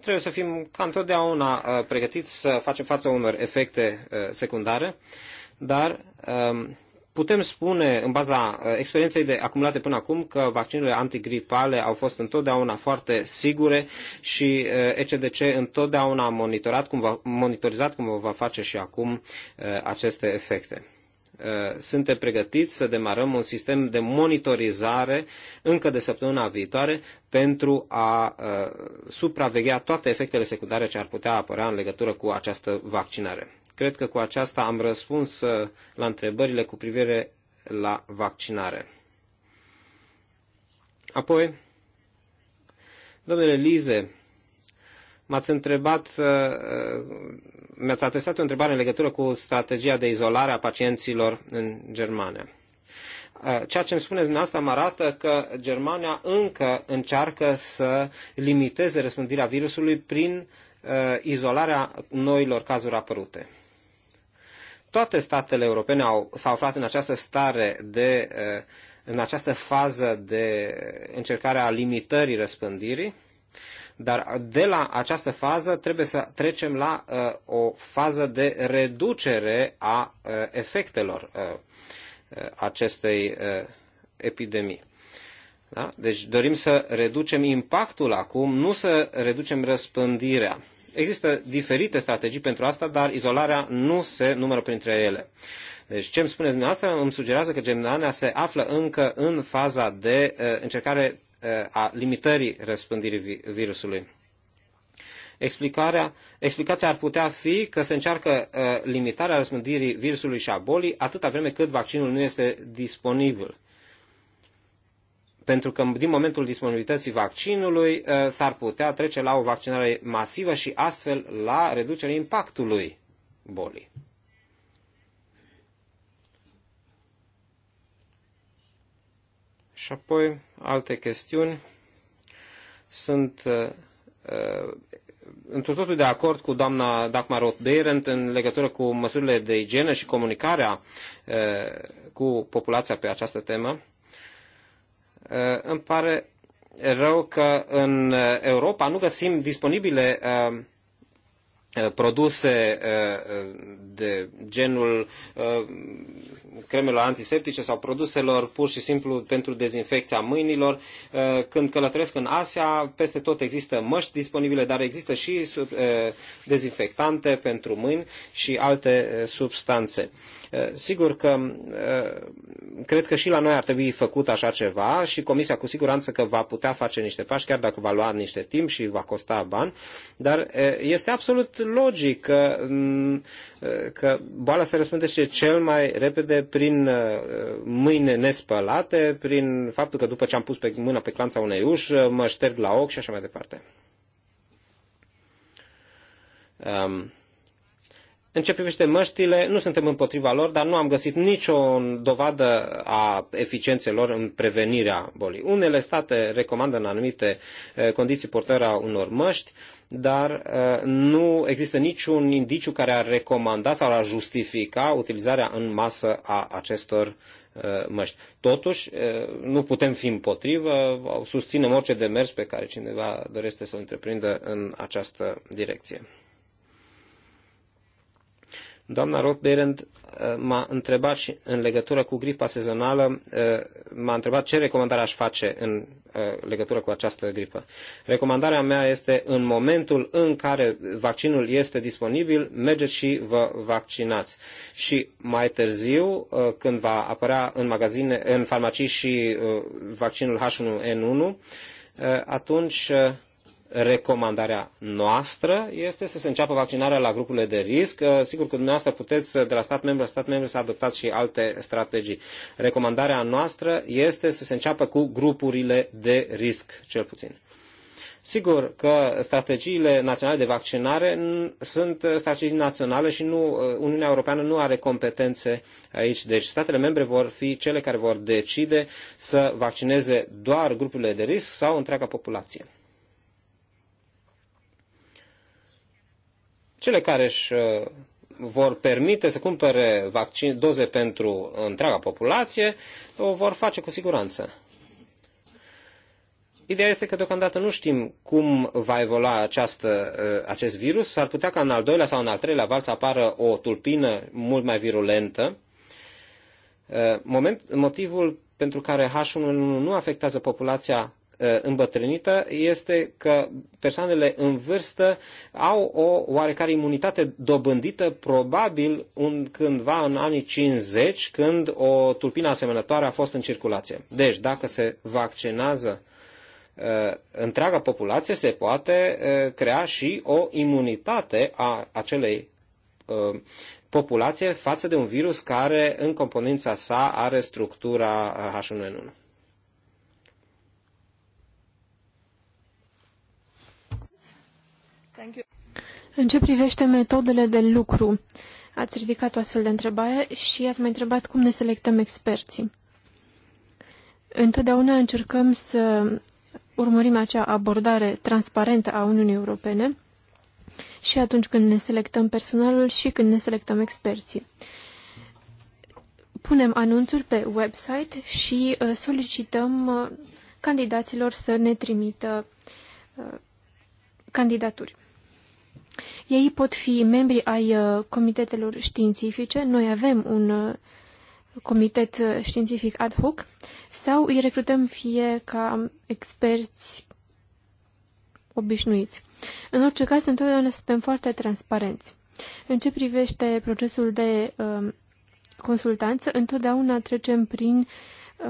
Trebuie să fim ca întotdeauna pregătiți să facem față unor efecte secundare, dar ehm, putem spune, în baza experienței de acumulate până acum, că vaccinurile antigripale au fost întotdeauna foarte sigure și ECDC întotdeauna a monitorat cum va, monitorizat cum va face și acum aceste efecte. Uh, suntem pregătiți să demarăm un sistem de monitorizare încă de săptămâna viitoare pentru a uh, supraveghea toate efectele secundare ce ar putea apărea în legătură cu această vaccinare. Cred că cu aceasta am răspuns uh, la întrebările cu privire la vaccinare. Apoi, domnule Lize, m-ați întrebat, uh, uh, mi-ați adresat o întrebare în legătură cu strategia de izolare a pacienților în Germania. Uh, ceea ce îmi spuneți dumneavoastră mă arată că Germania încă încearcă să limiteze răspândirea virusului prin izolarea noilor cazuri apărute. Toate statele europene au, s-au aflat în această stare de, în această fază de încercare a limitării răspândirii, dar de la această fază trebuie să trecem la uh, o fază de reducere a uh, efectelor uh, uh, acestei uh, epidemii. Da? Deci dorim să reducem impactul acum, nu să reducem răspândirea. Există diferite strategii pentru asta, dar izolarea nu se numără printre ele. Deci ce îmi spune dumneavoastră îmi sugerează că Germania se află încă în faza de uh, încercare Eh, a limitării răspândirii virusului. Explicarea, explicația ar putea fi că se încearcă eh, limitarea răspândirii virusului și a bolii atâta vreme cât vaccinul nu este disponibil. Pentru că din momentul disponibilității vaccinului eh, s-ar putea trece la o vaccinare masivă și astfel la reducerea impactului bolii. Și apoi alte chestiuni. Sunt uh, uh într totul de acord cu doamna Dagmar roth în legătură cu măsurile de igienă și comunicarea uh, cu populația pe această temă. Uh, îmi pare rău că în uh, Europa nu găsim disponibile uh, uh produse de genul cremelor antiseptice sau produselor pur și simplu pentru dezinfecția mâinilor. Uh, când călătoresc în Asia, peste tot există măști disponibile, dar există și uh, dezinfectante pentru mâini și alte uh, substanțe. Sigur că cred că și la noi ar trebui făcut așa ceva și Comisia cu siguranță că va putea face niște pași, chiar dacă va lua niște timp și va costa bani, dar este absolut logic că, mm, că boala se răspunde cel mai repede prin uh, mâine nespălate, prin faptul că după ce am pus pe mână pe clanța unei uși, uh, mă șterg la ochi și așa mai departe. Um, în ce privește măștile, nu suntem împotriva lor, dar nu am găsit nicio dovadă a eficienței lor în prevenirea bolii. Unele state recomandă în anumite eh, condiții portarea unor măști, dar eh, nu există niciun indiciu care ar recomanda sau ar justifica utilizarea în masă a acestor eh, măști. Totuși, nu putem fi împotrivă, susținem orice demers pe care cineva dorește să-l întreprindă în această direcție. Doamna Rothberend uh, m-a întrebat și în legătură cu gripa sezonală, uh, m-a întrebat ce recomandare aș face în uh, legătură cu această gripă. Recomandarea mea este în momentul în care vaccinul este disponibil, mergeți și vă vaccinați. Și mai târziu, când va apărea în magazine, în farmacii și vaccinul H1N1, atunci recomandarea noastră este să se înceapă vaccinarea la grupurile de risc. Uh, sigur că dumneavoastră puteți uh, de la stat membru la stat membru să adoptați și alte strategii. Recomandarea noastră este să se înceapă cu grupurile de risc, cel puțin. Sigur că strategiile naționale de vaccinare sunt strategii naționale și nu, uh, Uniunea Europeană nu are competențe aici. Deci statele membre vor fi cele care vor decide să vaccineze doar grupurile de risc sau întreaga populație. Cele care își uh, vor permite să cumpere vaccin, doze pentru întreaga populație, o vor face cu siguranță. Ideea este că deocamdată nu știm cum va evolua această, uh, acest virus. S-ar putea ca în al doilea sau în al treilea val să apară o tulpină mult mai virulentă. Uh, moment, motivul pentru care H1N1 nu afectează populația Uh, îmbătrânită este că persoanele în vârstă au o oarecare imunitate dobândită probabil un, cândva în anii 50 când o tulpină asemănătoare a fost în circulație. Deci dacă se vaccinează uh, întreaga populație se poate uh, crea și o imunitate a acelei populație față de un virus care în componența sa are structura H1N1. În ce privește metodele de lucru, ați ridicat o astfel de întrebare și ați mai întrebat cum ne selectăm experții. Întotdeauna încercăm să urmărim acea abordare transparentă a Uniunii Europene și atunci când ne selectăm personalul și când ne selectăm experții. Punem anunțuri pe website și uh, solicităm uh, candidaților să ne trimită uh, candidaturi. Ei pot fi membri ai uh, comitetelor științifice, noi avem un uh, comitet uh, științific ad hoc, sau îi recrutăm fie ca experți obișnuiți. În orice caz, întotdeauna suntem foarte transparenți. În ce privește procesul de uh, consultanță, întotdeauna trecem prin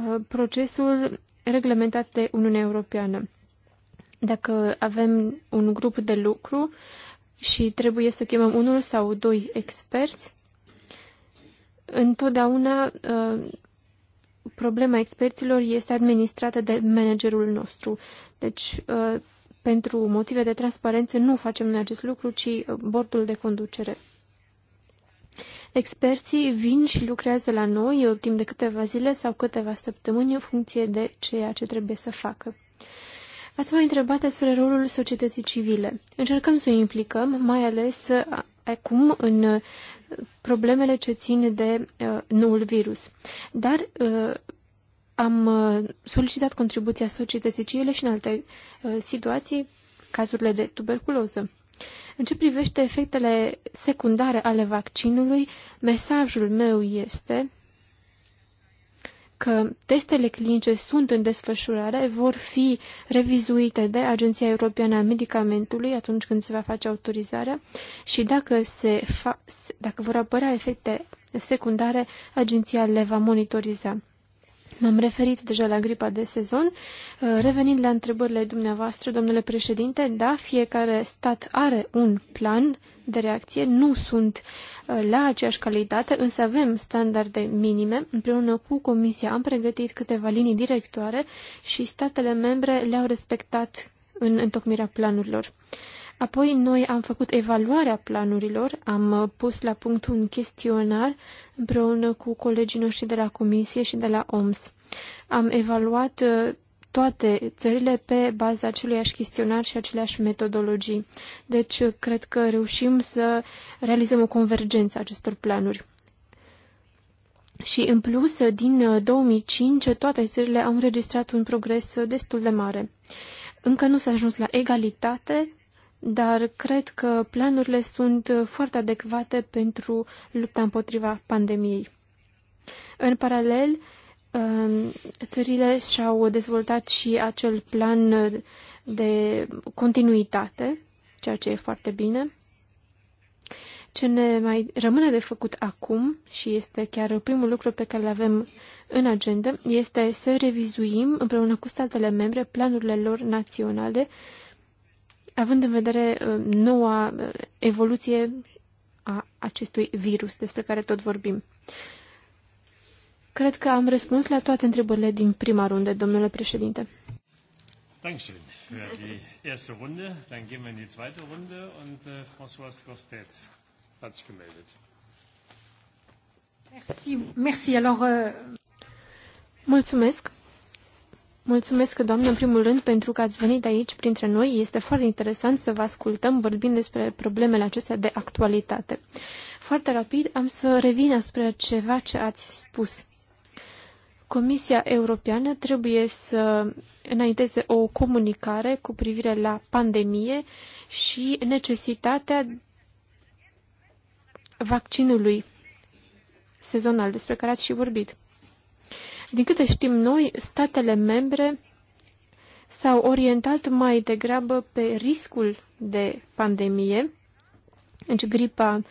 uh, procesul reglementat de Uniunea Europeană. Dacă avem un grup de lucru, și trebuie să chemăm unul sau doi experți, întotdeauna uh, problema experților este administrată de managerul nostru. Deci, uh, pentru motive de transparență, nu facem noi acest lucru, ci uh, bordul de conducere. Experții vin și lucrează la noi timp de câteva zile sau câteva săptămâni în funcție de ceea ce trebuie să facă. Ați mai întrebat despre rolul societății civile. Încercăm să o implicăm, mai ales uh, acum în uh, problemele ce țin de uh, noul virus. Dar uh, am uh, solicitat contribuția societății civile și în alte uh, situații, cazurile de tuberculoză. În ce privește efectele secundare ale vaccinului, mesajul meu este că testele clinice sunt în desfășurare, vor fi revizuite de Agenția Europeană a Medicamentului atunci când se va face autorizarea și dacă, se fa- dacă vor apărea efecte secundare, agenția le va monitoriza. M-am referit deja la gripa de sezon. Uh, revenind la întrebările dumneavoastră, domnule președinte, da, fiecare stat are un plan de reacție. Nu sunt la aceeași calitate, însă avem standarde minime. Împreună cu Comisia am pregătit câteva linii directoare și statele membre le-au respectat în întocmirea planurilor. Apoi noi am făcut evaluarea planurilor, am pus la punct un chestionar împreună cu colegii noștri de la Comisie și de la OMS. Am evaluat toate țările pe baza aceluiași chestionar și aceleași metodologii. Deci, cred că reușim să realizăm o convergență a acestor planuri. Și, în plus, din 2005, uh, toate țările au înregistrat un progres uh, destul de mare. Încă nu s-a ajuns la egalitate, dar cred că planurile sunt uh, foarte adecvate pentru lupta împotriva pandemiei. În paralel, Ehm, țările și-au dezvoltat și acel plan de continuitate, ceea ce e foarte bine. Ce ne mai rămâne de făcut acum și este chiar primul lucru pe care îl avem în agenda, este să revizuim împreună cu statele membre planurile lor naționale, având în vedere ehm, noua ehm, evoluție a acestui virus despre care tot vorbim. Cred că am răspuns la toate întrebările din prima rundă, domnule președinte. Dankeschön für die erste Runde. Dann gehen wir in die zweite Runde und äh, Costet hat sich gemeldet. Merci. Merci. Alors, euh... Mulțumesc. Mulțumesc, doamnă, în primul rând, pentru că ați venit aici printre noi. Este foarte interesant să vă ascultăm vorbind despre problemele acestea de actualitate. Foarte rapid am să revin asupra ceva ce ați spus. Comisia Europeană trebuie să înainteze o comunicare cu privire la pandemie și necesitatea vaccinului sezonal despre care ați și vorbit. Din câte știm noi, statele membre s-au orientat mai degrabă pe riscul de pandemie, deci gripa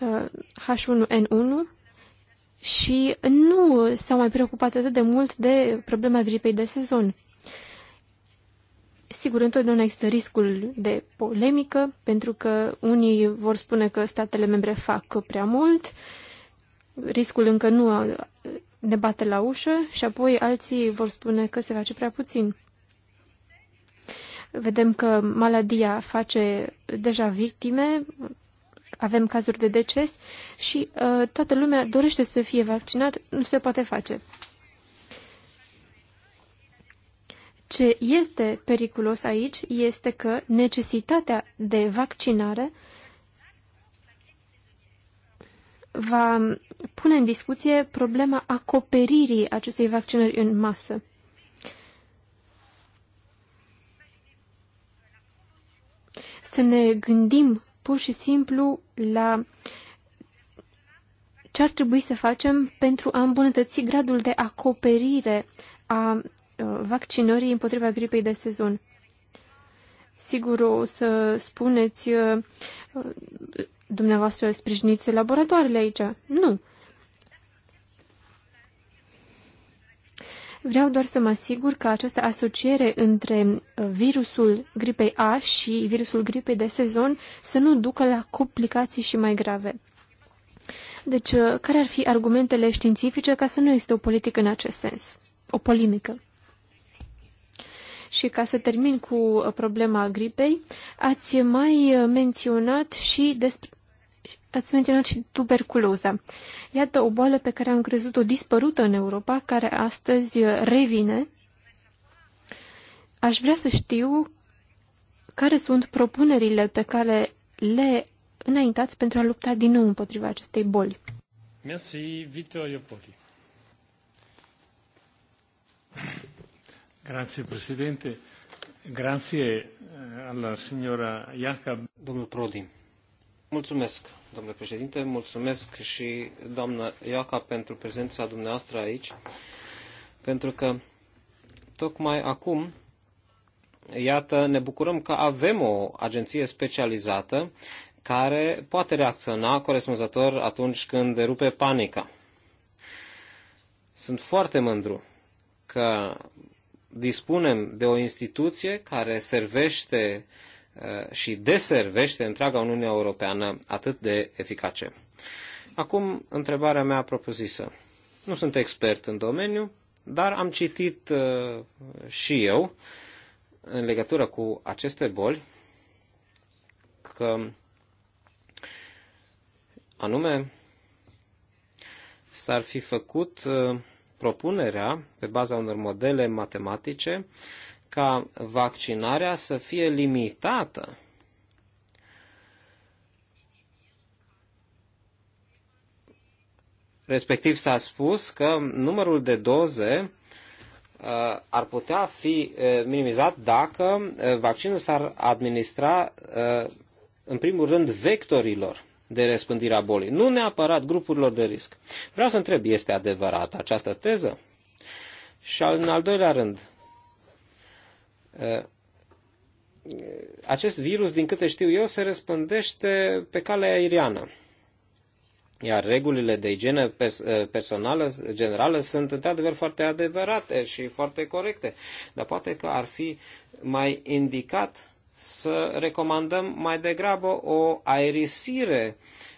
H1N1 uh, și nu s-au mai preocupat atât de mult de problema gripei de sezon. Sigur, întotdeauna există riscul de polemică, pentru că unii vor spune că statele membre fac prea mult, riscul încă nu ne bate la ușă și apoi alții vor spune că se face prea puțin. Vedem că maladia face deja victime, avem cazuri de deces și uh, toată lumea dorește să fie vaccinat, nu se poate face. Ce este periculos aici este că necesitatea de vaccinare va pune în discuție problema acoperirii acestei vaccinări în masă. Să ne gândim pur și simplu la ce ar trebui să facem pentru a îmbunătăți gradul de acoperire a uh, vaccinării împotriva gripei de sezon. Sigur, o să spuneți uh, uh, dumneavoastră sprijiniți laboratoarele aici. Nu. Vreau doar să mă asigur că această asociere între uh, virusul gripei A și virusul gripei de sezon să nu ducă la complicații și mai grave. Deci, uh, care ar fi argumentele științifice ca să nu este o politică în acest sens? O polimică. Și ca să termin cu uh, problema gripei, ați mai menționat și despre, ați menționat și tuberculoza. Iată o boală pe care am crezut-o dispărută în Europa, care astăzi revine. Aș vrea să știu care sunt propunerile pe care le înaintați pentru a lupta din nou împotriva acestei boli. Merci, Victor Iopoli. Grazie, Presidente. Grazie eh, alla signora Iacob. Domnul Prodi, mulțumesc domnule președinte, mulțumesc și doamnă Iaca pentru prezența dumneavoastră aici, pentru că tocmai acum, iată, ne bucurăm că avem o agenție specializată care poate reacționa corespunzător atunci când derupe panica. Sunt foarte mândru că dispunem de o instituție care servește uh, Uh, și deservește întreaga Uniune Europeană atât de eficace. Acum, întrebarea mea propriu-zisă. Nu sunt expert în domeniu, dar am citit uh, și eu în legătură cu aceste boli că anume s-ar fi făcut uh, propunerea pe baza unor modele matematice ca vaccinarea să fie limitată. Respectiv s-a spus că numărul de doze uh, ar putea fi uh, minimizat dacă uh, vaccinul s-ar administra în primul rând vectorilor de răspândire a bolii, nu neapărat grupurilor de risc. Vreau să întreb, este adevărată această teză? Și în al doilea rând, Uh, acest virus, din câte știu eu, se răspândește pe calea aeriană. Iar regulile de igienă uh, personală, generală, sunt într-adevăr foarte adevărate și foarte corecte. Dar poate că ar fi mai indicat să recomandăm mai degrabă o aerisire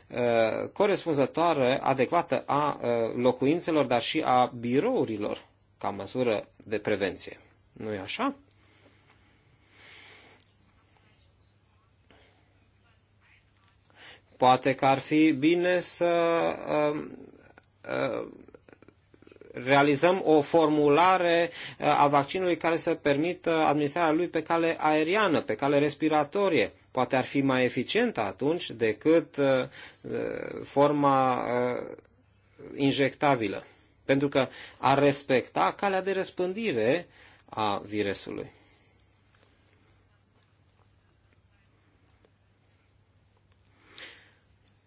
uh, corespunzătoare, adecvată a locuințelor, dar și a birourilor, ca măsură de prevenție. Nu-i așa? Poate că ar fi bine să um, uh, realizăm o formulare uh, a vaccinului care să permită administrarea lui pe cale aeriană, pe cale respiratorie. Poate ar fi mai eficientă atunci decât uh, forma injectabilă, pentru că ar respecta calea de răspândire a virusului.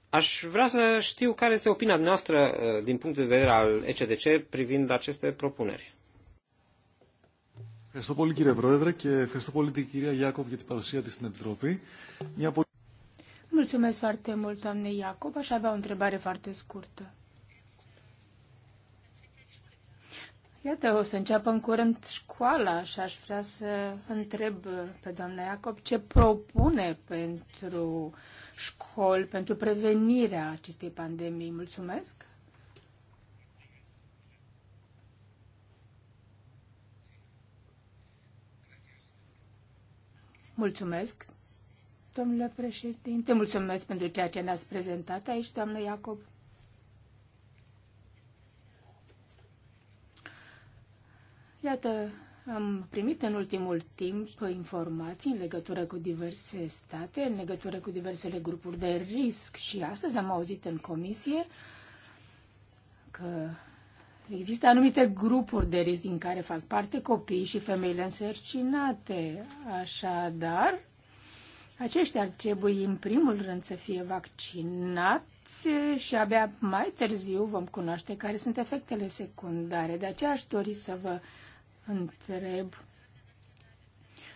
Aș vrea să știu care este opinia noastră uh, din punct de vedere al ECDC privind aceste propuneri. Mulțumesc foarte mult, doamne Iacob. Aș avea o întrebare foarte scurtă. Iată, o să înceapă în curând școala și aș vrea să întreb pe doamna Iacob ce propune pentru școli, pentru prevenirea acestei pandemii. Mulțumesc! Mulțumesc, domnule președinte. Mulțumesc pentru ceea ce ne-ați prezentat aici, doamnă Iacob. Iată, am primit în ultimul timp informații în legătură cu diverse state, în legătură cu diversele grupuri de risc și astăzi am auzit în comisie că există anumite grupuri de risc din care fac parte copiii și femeile însărcinate. Așadar, aceștia ar trebui în primul rând să fie vaccinați și abia mai târziu vom cunoaște care sunt efectele secundare. De aceea aș dori să vă întreb.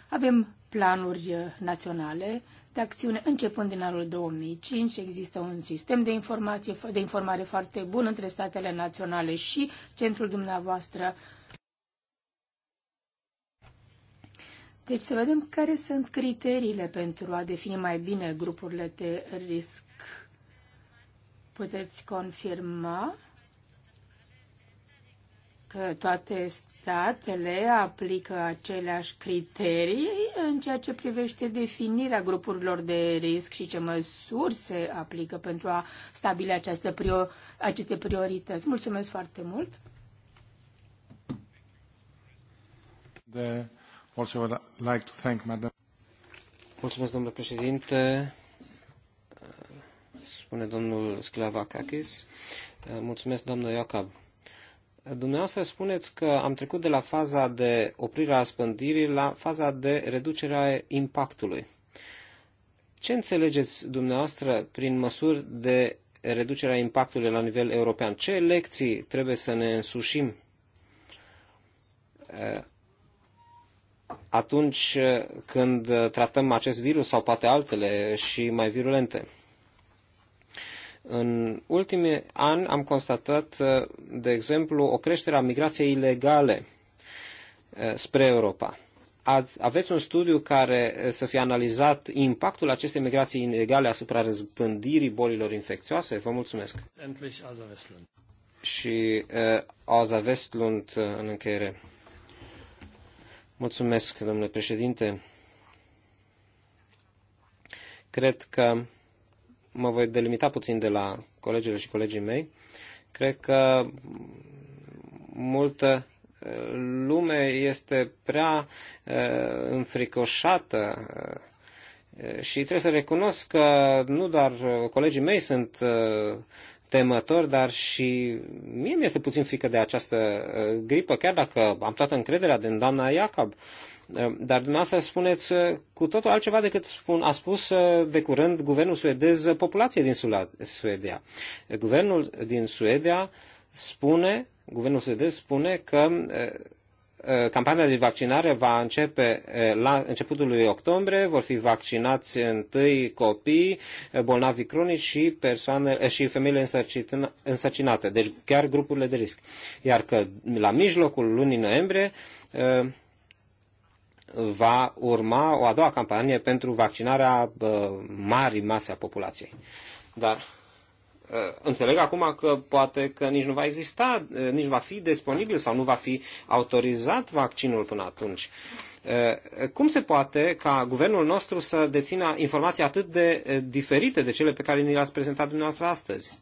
Avem planuri naționale de acțiune începând din anul 2005. Există un sistem de, informație, de informare foarte bun între statele naționale și centrul dumneavoastră. Deci să vedem care sunt criteriile pentru a defini mai bine grupurile de risc. Puteți confirma că toate statele aplică aceleași criterii în ceea ce privește definirea grupurilor de risc și ce măsuri se aplică pentru a stabili această prior, aceste priorități. Mulțumesc foarte mult! De, also would like to thank Madam. Mulțumesc, domnule președinte, spune domnul Sclavakakis. Mulțumesc, doamnă Iacob. Dumneavoastră spuneți că am trecut de la faza de oprire a răspândirii la faza de reducere a impactului. Ce înțelegeți dumneavoastră prin măsuri de reducere a impactului la nivel european? Ce lecții trebuie să ne însușim atunci când tratăm acest virus sau poate altele și mai virulente? În ultimii ani am constatat, uh, de exemplu, o creștere a migrației ilegale uh, spre Europa. Ați, aveți un studiu care uh, să fie analizat impactul acestei migrații ilegale asupra răzbândirii bolilor infecțioase? Vă mulțumesc. Endlich Aza Westlund. Și uh, Aza Westlund în încheiere. Mulțumesc, domnule președinte. Cred că mă voi delimita puțin de la colegele și colegii mei. Cred că multă uh, lume este prea uh, înfricoșată uh, și trebuie să recunosc că nu doar colegii mei sunt temători, dar și mie mi-este puțin frică de această gripă, chiar dacă am toată încrederea din doamna Iacob. Ehm, dar dumneavoastră spuneți eh, cu totul altceva decât spun, a spus eh, de curând guvernul suedez eh, populației din Suedia. Guvernul din Suedia spune, guvernul suedez spune că campania de vaccinare va începe la începutul lui octombrie, vor fi vaccinați întâi copii, bolnavi cronici și, persoane, și femeile însărcinate, deci chiar grupurile de risc. Iar că la mijlocul lunii noiembrie va urma o a doua campanie pentru vaccinarea marii mase a populației. Dar ă, înțeleg acum că poate că nici nu va exista, ă, nici va fi disponibil sau nu va fi autorizat vaccinul până atunci. Ă, cum se poate ca guvernul nostru să dețină informații atât de diferite de cele pe care ni le-ați prezentat dumneavoastră astăzi?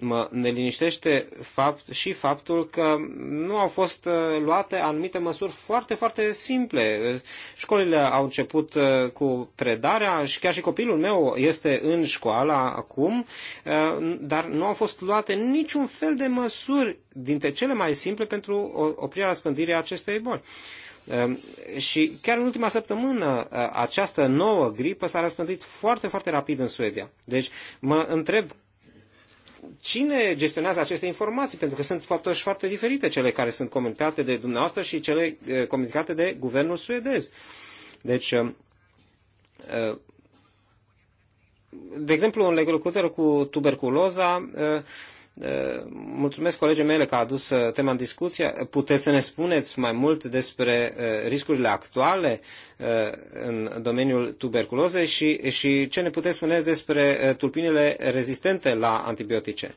mă liniștește fapt, și faptul că nu au fost uh, luate anumite măsuri foarte, foarte simple. Școlile au început uh, cu predarea și chiar și copilul meu este în școală acum, uh, dar nu au fost luate niciun fel de măsuri dintre cele mai simple pentru oprirea răspândirii acestei boli. Și chiar în ultima săptămână această nouă gripă s-a răspândit foarte, foarte rapid în Suedia. Deci mă întreb cine gestionează aceste informații, pentru că sunt totuși foarte diferite cele care sunt comentate de dumneavoastră și cele eh, comunicate de guvernul suedez. Deci, eh, eh, de exemplu, în legătură cu tuberculoza, Eh, mulțumesc colegii mele că a adus eh, tema în discuție. Puteți să ne spuneți mai mult despre eh, riscurile actuale în domeniul tuberculozei și, și ce ne puteți spune despre tulpinile rezistente la antibiotice?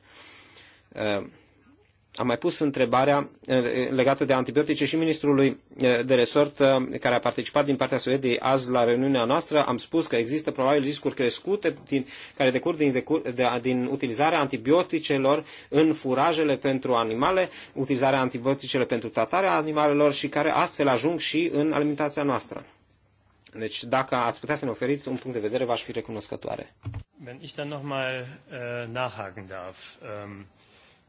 Am mai pus întrebarea eh, eh, legată de antibiotice și ministrului eh, de resort care a participat din partea Suediei azi la reuniunea noastră. Am spus că există probabil riscuri crescute din, care decurg din, de, din utilizarea antibioticelor în furajele pentru animale, utilizarea antibioticelor pentru tratarea animalelor și care astfel ajung și în alimentația noastră. Deci dacă ați putea să ne oferiți un punct de vedere, v-aș fi recunoscătoare. Wenn ich dann nachhaken darf, ehm,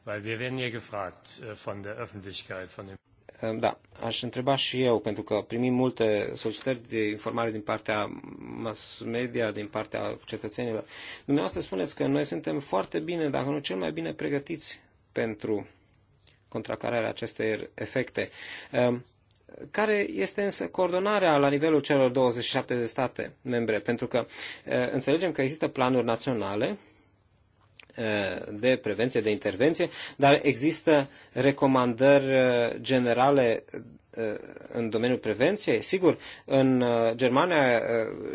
Weil wir werden gefragt äh, von der Öffentlichkeit, von dem ehm, da, aș întreba și eu, pentru că primim multe solicitări de informare din partea mass media, din partea cetățenilor. Dumneavoastră spuneți că noi suntem foarte bine, dacă nu cel mai bine pregătiți pentru contracararea acestei efecte. Ehm, care este însă coordonarea la nivelul celor 27 de state membre? Pentru că ehm, înțelegem că există planuri naționale Eh, de prevenție, de intervenție, dar există recomandări eh, generale eh, în domeniul prevenției? Sigur, în Germania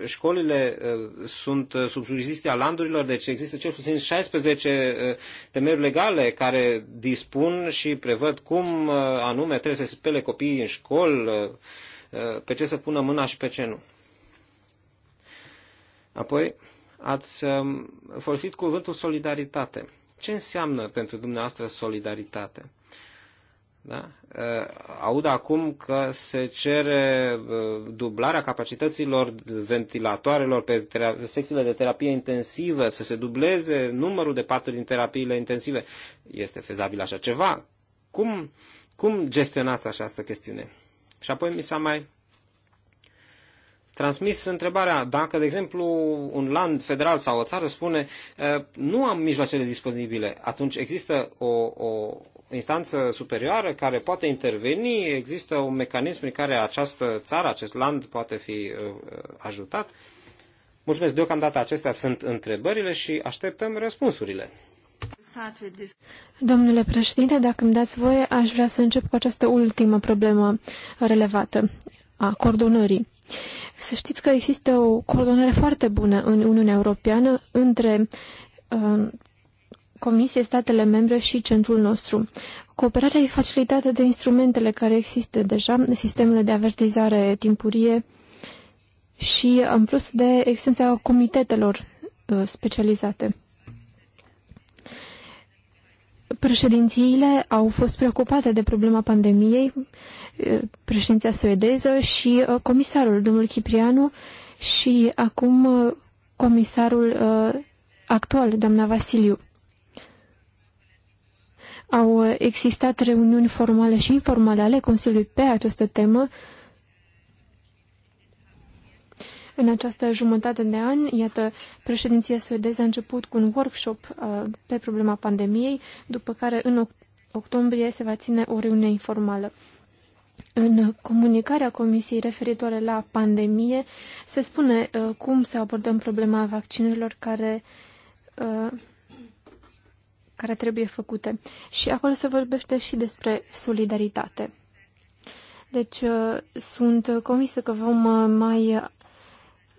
școlile sunt sub jurisdicția landurilor, deci există cel puțin 16 temeri legale care dispun și prevăd cum anume trebuie să se spele copiii în școl, pe ce să pună mâna și pe ce nu. Apoi, ați um, folosit cuvântul solidaritate. Ce înseamnă pentru dumneavoastră solidaritate? Da? Uh, aud acum că se cere uh, dublarea capacităților ventilatoarelor pe secțiile de terapie intensivă, să se dubleze numărul de paturi din terapiile intensive. Este fezabil așa ceva? Cum, cum gestionați această chestiune? Și apoi mi s-a mai transmis întrebarea dacă, de exemplu, un land federal sau o țară spune nu am mijloacele disponibile, atunci există o, o instanță superioară care poate interveni, există un mecanism prin care această țară, acest land poate fi ajutat. Mulțumesc deocamdată, acestea sunt întrebările și așteptăm răspunsurile. Domnule președinte, dacă îmi dați voie, aș vrea să încep cu această ultimă problemă relevată a coordonării. Să știți că există o coordonare foarte bună în Uniunea Europeană între uh, Comisie, statele membre și centrul nostru. Cooperarea e facilitată de instrumentele care există deja, sistemele de avertizare timpurie și, în plus, de extensia comitetelor uh, specializate. Președințiile au fost preocupate de problema pandemiei, eh, președinția suedeză și eh, comisarul, domnul Ciprianu, și acum eh, comisarul actual, doamna Vasiliu. Au existat reuniuni formale și informale ale Consiliului pe această temă, în această jumătate de an, iată, președinția suedeză a început cu un workshop uh, pe problema pandemiei, după care în octombrie se va ține o reuniune informală. În comunicarea Comisiei referitoare la pandemie se spune uh, cum să abordăm problema vaccinurilor care, uh, care trebuie făcute. Și acolo se vorbește și despre solidaritate. Deci uh, sunt convinsă că vom uh, mai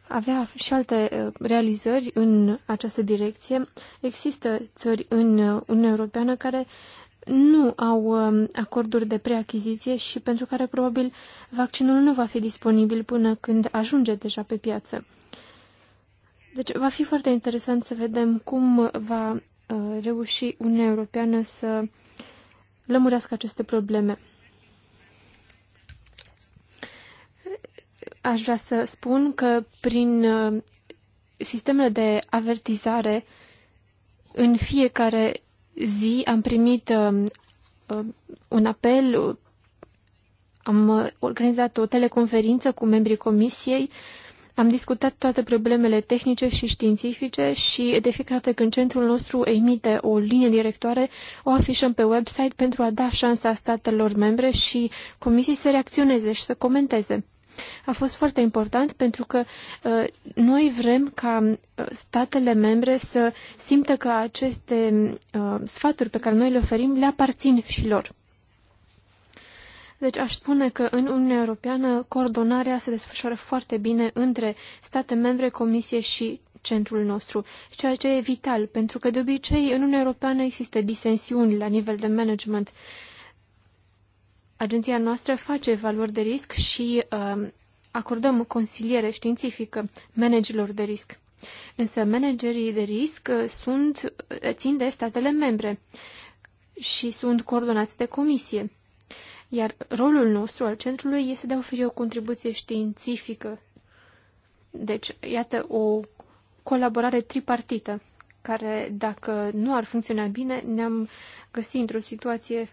avea și alte uh, realizări în această direcție. Există țări în uh, Uniunea Europeană care nu au um, acorduri de preachiziție și pentru care probabil vaccinul nu va fi disponibil până când ajunge deja pe piață. Deci va fi foarte interesant să vedem cum va uh, reuși Uniunea Europeană să lămurească aceste probleme. aș vrea să spun că prin uh, sistemele de avertizare în fiecare zi am primit uh, uh, un apel, am organizat o teleconferință cu membrii comisiei, am discutat toate problemele tehnice și științifice și de fiecare dată când centrul nostru emite o linie directoare, o afișăm pe website pentru a da șansa statelor membre și comisii să reacționeze și să comenteze a fost foarte important pentru că uh, noi vrem ca uh, statele membre să simtă că aceste uh, sfaturi pe care noi le oferim le aparțin și lor. Deci aș spune că în Uniunea Europeană coordonarea se desfășoară foarte bine între state membre, comisie și centrul nostru, ceea ce e vital, pentru că de obicei în Uniunea Europeană există disensiuni la nivel de management agenția noastră face evaluări de risc și uh, acordăm consiliere științifică managerilor de risc. Însă managerii de risc uh, sunt, uh, țin de statele membre și sunt coordonați de comisie. Iar rolul nostru al centrului este de a oferi o contribuție științifică. Deci, iată, o colaborare tripartită, care, dacă nu ar funcționa bine, ne-am găsit într-o situație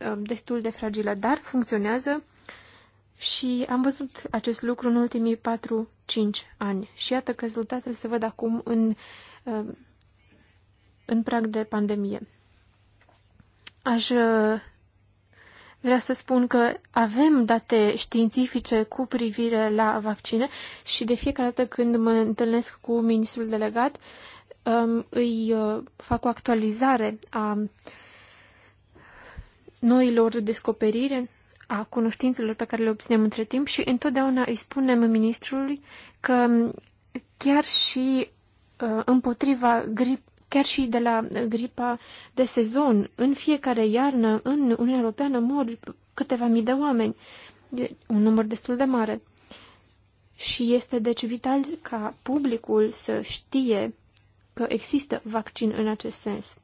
Um, destul de fragilă, dar funcționează și am văzut acest lucru în ultimii 4-5 ani. Și iată că rezultatele se văd acum în, um, în prag de pandemie. Aș uh, vrea să spun că avem date științifice cu privire la vaccine și de fiecare dată când mă întâlnesc cu ministrul delegat, um, îi uh, fac o actualizare a noilor descoperiri, a cunoștințelor pe care le obținem între timp și întotdeauna îi spunem ministrului că chiar și uh, împotriva grip, chiar și de la gripa de sezon, în fiecare iarnă, în Uniunea Europeană, mor câteva mii de oameni. un număr destul de mare. Și este deci vital ca publicul să știe că există vaccin în acest sens.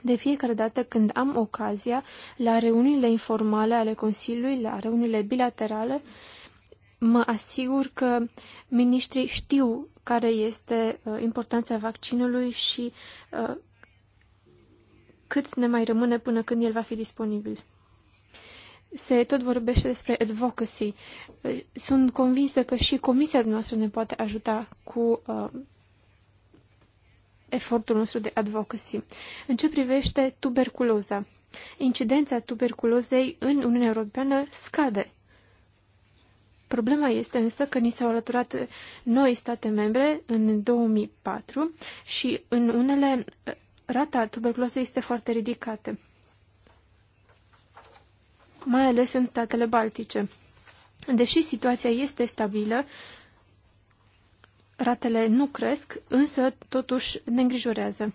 De fiecare dată când am ocazia, la reuniile informale ale Consiliului, la reuniile bilaterale, mă asigur că ministrii știu care este uh, importanța vaccinului și uh, cât ne mai rămâne până când el va fi disponibil. Se tot vorbește despre advocacy. Uh, sunt convinsă că și comisia noastră ne poate ajuta cu uh, efortul nostru de advocacy. În ce privește tuberculoza? Incidența tuberculozei în Uniunea Europeană scade. Problema este însă că ni s-au alăturat noi state membre în 2004 și în unele rata tuberculozei este foarte ridicată, mai ales în statele baltice. Deși situația este stabilă, ratele nu cresc, însă totuși ne îngrijorează.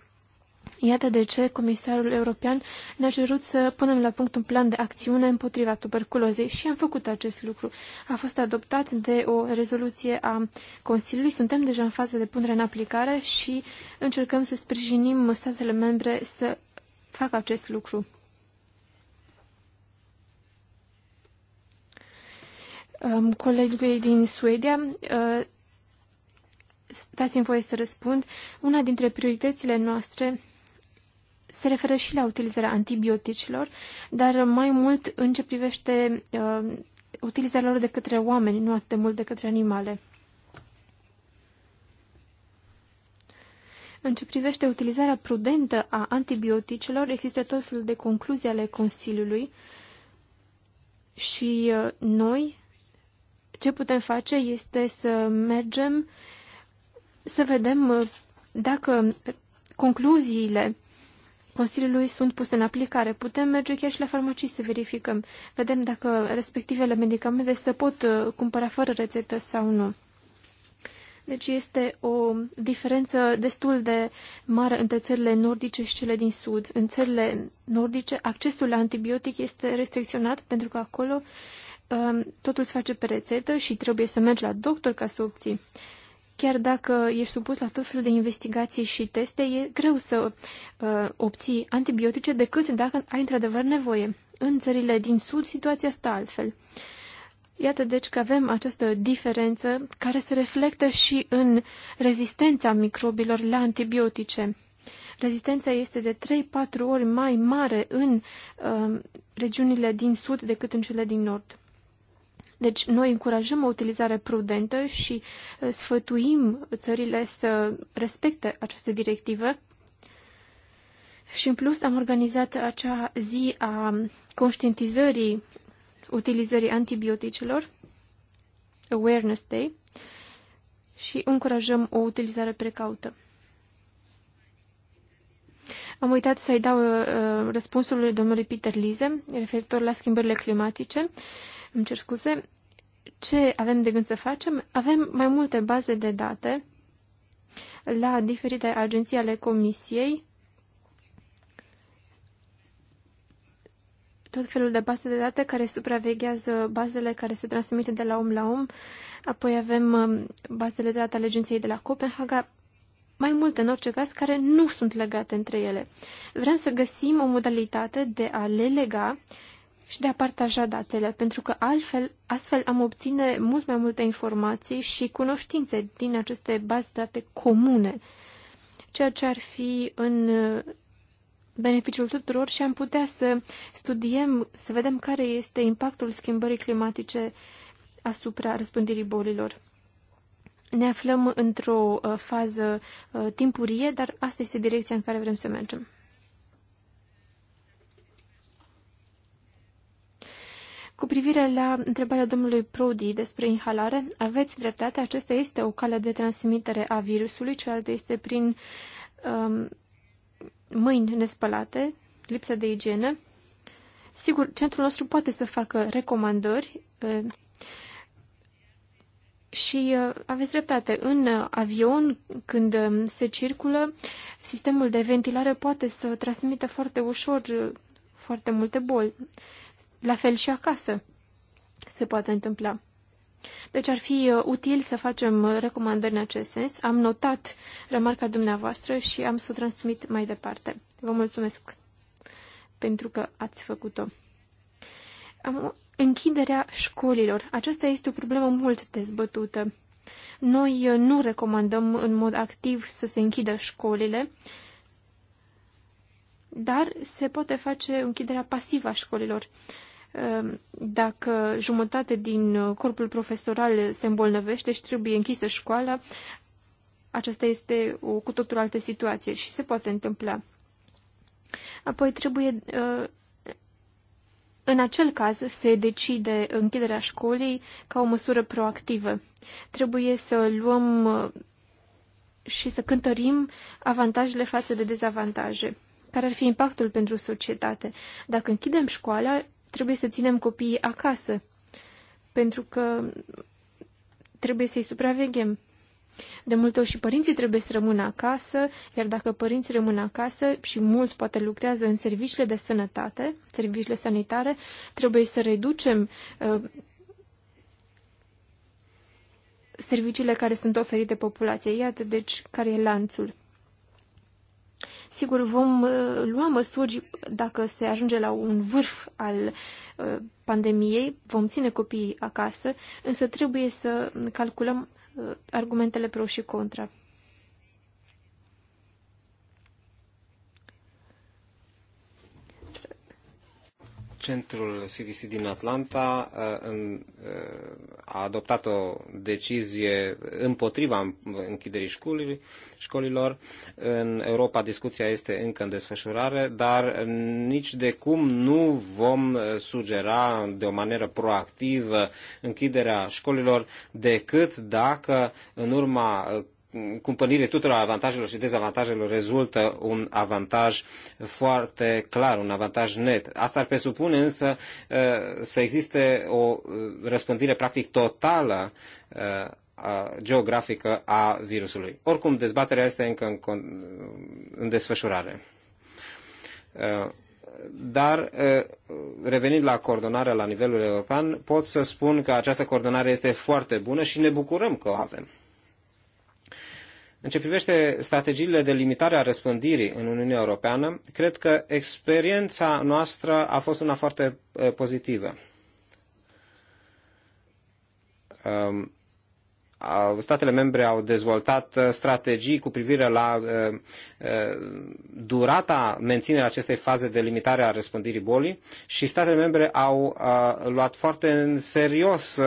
Iată de ce Comisarul European ne-a cerut să punem la punct un plan de acțiune împotriva tuberculozei și am făcut acest lucru. A fost adoptat de o rezoluție a Consiliului, suntem deja în fază de punere în aplicare și încercăm să sprijinim statele membre să facă acest lucru. Colegii din Suedia uh, dați-mi voie să răspund. Una dintre prioritățile noastre se referă și la utilizarea antibioticilor, dar mai mult în ce privește uh, utilizarea lor de către oameni, nu atât de mult de către animale. În ce privește utilizarea prudentă a antibioticilor, există tot felul de concluzii ale Consiliului și uh, noi ce putem face este să mergem să vedem uh, dacă concluziile Consiliului sunt puse în aplicare. Putem merge chiar și la farmacii să verificăm. Vedem dacă respectivele medicamente se pot uh, cumpăra fără rețetă sau nu. Deci este o diferență destul de mare între țările nordice și cele din sud. În țările nordice, accesul la antibiotic este restricționat pentru că acolo um, totul se face pe rețetă și trebuie să mergi la doctor ca să obții. Chiar dacă ești supus la tot felul de investigații și teste, e greu să uh, obții antibiotice decât dacă ai într-adevăr nevoie. În țările din sud, situația stă altfel. Iată deci că avem această diferență care se reflectă și în rezistența microbilor la antibiotice. Rezistența este de 3-4 ori mai mare în uh, regiunile din sud decât în cele din nord. Deci noi încurajăm o utilizare prudentă și uh, sfătuim țările să respecte aceste directive. Și în plus am organizat acea zi a conștientizării utilizării antibioticelor, Awareness Day, și încurajăm o utilizare precaută. Am uitat să-i dau uh, uh răspunsul lui domnului Peter Lize referitor la schimbările climatice. Uh, îmi cer scuze, ce avem de gând să facem? Avem mai multe baze de date la diferite agenții ale Comisiei, tot felul de baze de date care supraveghează bazele care se transmite de la om la om, apoi avem um, bazele de date ale agenției de la Copenhaga, mai multe în orice caz, care nu sunt legate între ele. Vrem să găsim o modalitate de a le lega și de a partaja datele, pentru că altfel, astfel am obține mult mai multe informații și cunoștințe din aceste baze date comune, ceea ce ar fi în uh, beneficiul tuturor și am putea să studiem, să vedem care este impactul schimbării climatice asupra răspândirii bolilor. Ne aflăm într-o uh, fază uh, timpurie, dar asta este direcția în care vrem să mergem. Cu privire la întrebarea domnului Prodi despre inhalare, aveți dreptate, acesta este o cale de transmitere a virusului, cealaltă este prin um, mâini nespălate, lipsa de igienă. Sigur, centrul nostru poate să facă recomandări uh, și uh, aveți dreptate, în avion, când um, se circulă, sistemul de ventilare poate să transmită foarte ușor uh, foarte multe boli. La fel și acasă se poate întâmpla. Deci ar fi uh, util să facem uh, recomandări în acest sens. Am notat remarca dumneavoastră și am să o transmit mai departe. Vă mulțumesc pentru că ați făcut-o. Uh, închiderea școlilor. Aceasta este o problemă mult dezbătută. Noi nu recomandăm în mod activ să se închidă școlile, dar se poate face închiderea pasivă a școlilor. Ehm, dacă jumătate din corpul profesoral se îmbolnăvește și trebuie închisă școala, aceasta este o cu totul altă situație și se poate întâmpla. Apoi trebuie, ehm, în acel caz, se decide închiderea școlii ca o măsură proactivă. Trebuie să luăm ehm, și să cântărim avantajele față de dezavantaje. Care ar fi impactul pentru societate? Dacă închidem școala, trebuie să ținem copiii acasă, pentru că trebuie să-i supraveghem. De multe ori și părinții trebuie să rămână acasă, iar dacă părinții rămân acasă și mulți poate lucrează în serviciile de sănătate, serviciile sanitare, trebuie să reducem uh, serviciile care sunt oferite populației. Iată, deci, care e lanțul. Sigur, vom uh, lua măsuri dacă se ajunge la un vârf al uh, pandemiei, vom ține copiii acasă, însă trebuie să calculăm uh, argumentele pro și contra. Centrul CDC din Atlanta uh, uh, a adoptat o decizie împotriva închiderii școlii, școlilor. În Europa discuția este încă în desfășurare, dar nici de cum nu vom sugera de o manieră proactivă închiderea școlilor decât dacă în urma cumpănirii tuturor avantajelor și dezavantajelor rezultă un avantaj foarte clar, un avantaj net. Asta ar presupune însă uh, să existe o uh, răspândire practic totală uh, geografică a virusului. Oricum, dezbaterea este încă în, în desfășurare. Dar, revenind la coordonarea la nivelul european, pot să spun că această coordonare este foarte bună și ne bucurăm că o avem. În ce privește strategiile de limitare a răspândirii în Uniunea Europeană, cred că experiența noastră a fost una foarte eh, pozitivă. Um, statele membre au dezvoltat uh, strategii cu privire la uh, uh, durata menținerea acestei faze de limitare a răspândirii bolii și statele membre au luat foarte în serios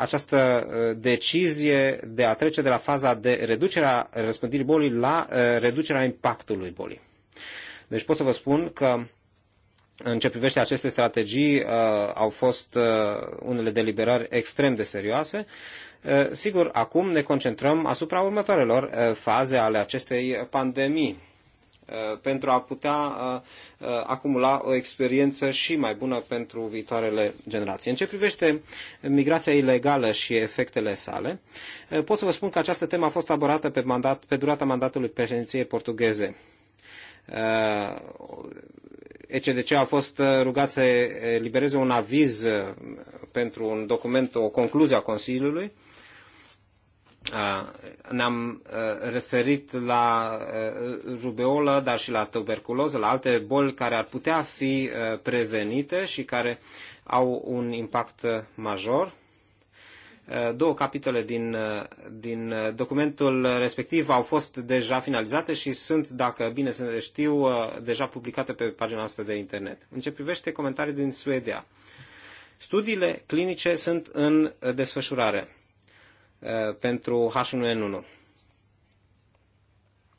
această decizie de a trece de la faza de reducere a răspândirii bolii la reducerea impactului bolii. Deci pot să vă spun că în ce privește aceste strategii uh, au fost uh, unele deliberări extrem de serioase. Uh, sigur, acum ne concentrăm asupra următoarelor faze ale acestei pandemii pentru a putea acumula o experiență și mai bună pentru viitoarele generații. În ce privește migrația ilegală și efectele sale, pot să vă spun că această temă a fost abordată pe, mandat, pe durata mandatului președinției portugheze ECDC a fost uh, rugat să elibereze un aviz uh, pentru un document, o concluzie a Consiliului. Uh, ne-am referit la rubeolă, dar și la tuberculoză, la alte boli care ar putea fi prevenite și care au un impact major. Eh, două capitole din, eh, din eh, documentul respectiv au fost deja finalizate și sunt, dacă bine știu, deja publicate pe pagina noastră de internet. În ce privește comentarii din Suedia, studiile clinice sunt în desfășurare pentru H1N1.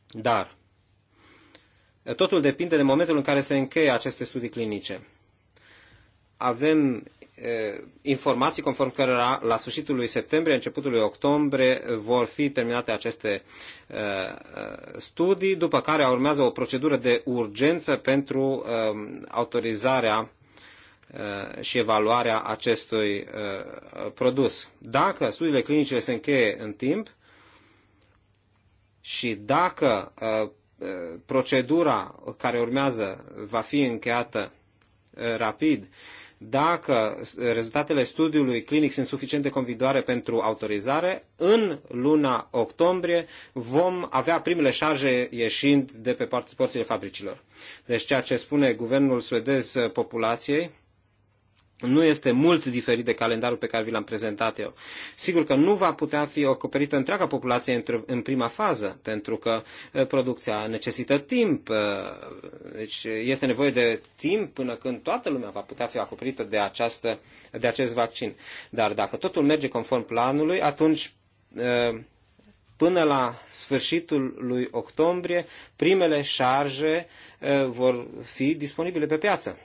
Dar totul depinde de momentul în care se încheie aceste studii clinice. Avem informații conform cărora la sfârșitul lui septembrie, începutul lui octombrie vor fi terminate aceste studii, după care urmează o procedură de urgență pentru autorizarea și evaluarea acestui produs. Dacă studiile clinice se încheie în timp și dacă procedura care urmează va fi încheiată rapid, dacă rezultatele studiului clinic sunt suficient de convidoare pentru autorizare, în luna octombrie vom avea primele șarje ieșind de pe porțile fabricilor. Deci ceea ce spune guvernul suedez uh, populației nu este mult diferit de calendarul pe care vi l-am prezentat eu. Sigur că nu va putea fi acoperită întreaga populație în prima fază, pentru că uh, producția necesită timp, uh, deci este nevoie de timp până când toată lumea va putea fi acoperită de, această, de acest vaccin. Dar dacă totul merge conform planului, atunci uh, până la sfârșitul lui octombrie primele șarje vor fi disponibile pe piață.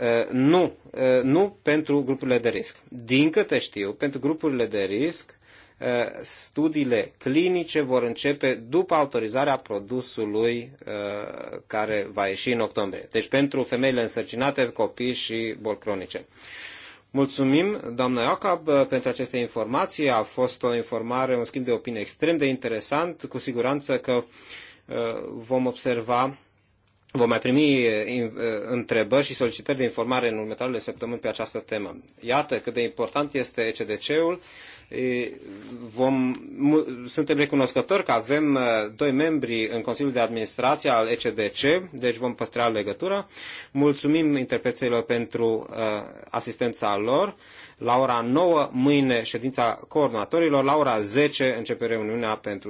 Uh, nu, uh, nu pentru grupurile de risc. Din câte știu, pentru grupurile de risc, uh, studiile clinice vor începe după autorizarea produsului care va ieși în octombrie. Deci pentru femeile însărcinate, copii și boli cronice. Mulțumim, doamna Iacob, pentru aceste informații. A fost o informare, un schimb de opinie extrem de interesant. Cu siguranță că vom observa Vom mai primi eh, eh, întrebări și solicitări de informare în următoarele săptămâni pe această temă. Iată cât de important este ECDC-ul. Vom, suntem recunoscători că avem eh, doi membri în Consiliul de Administrație al ECDC, deci vom păstra legătura. Mulțumim interpreților pentru asistența lor. La ora 9, mâine, ședința coordonatorilor. La ora 10 începe reuniunea pentru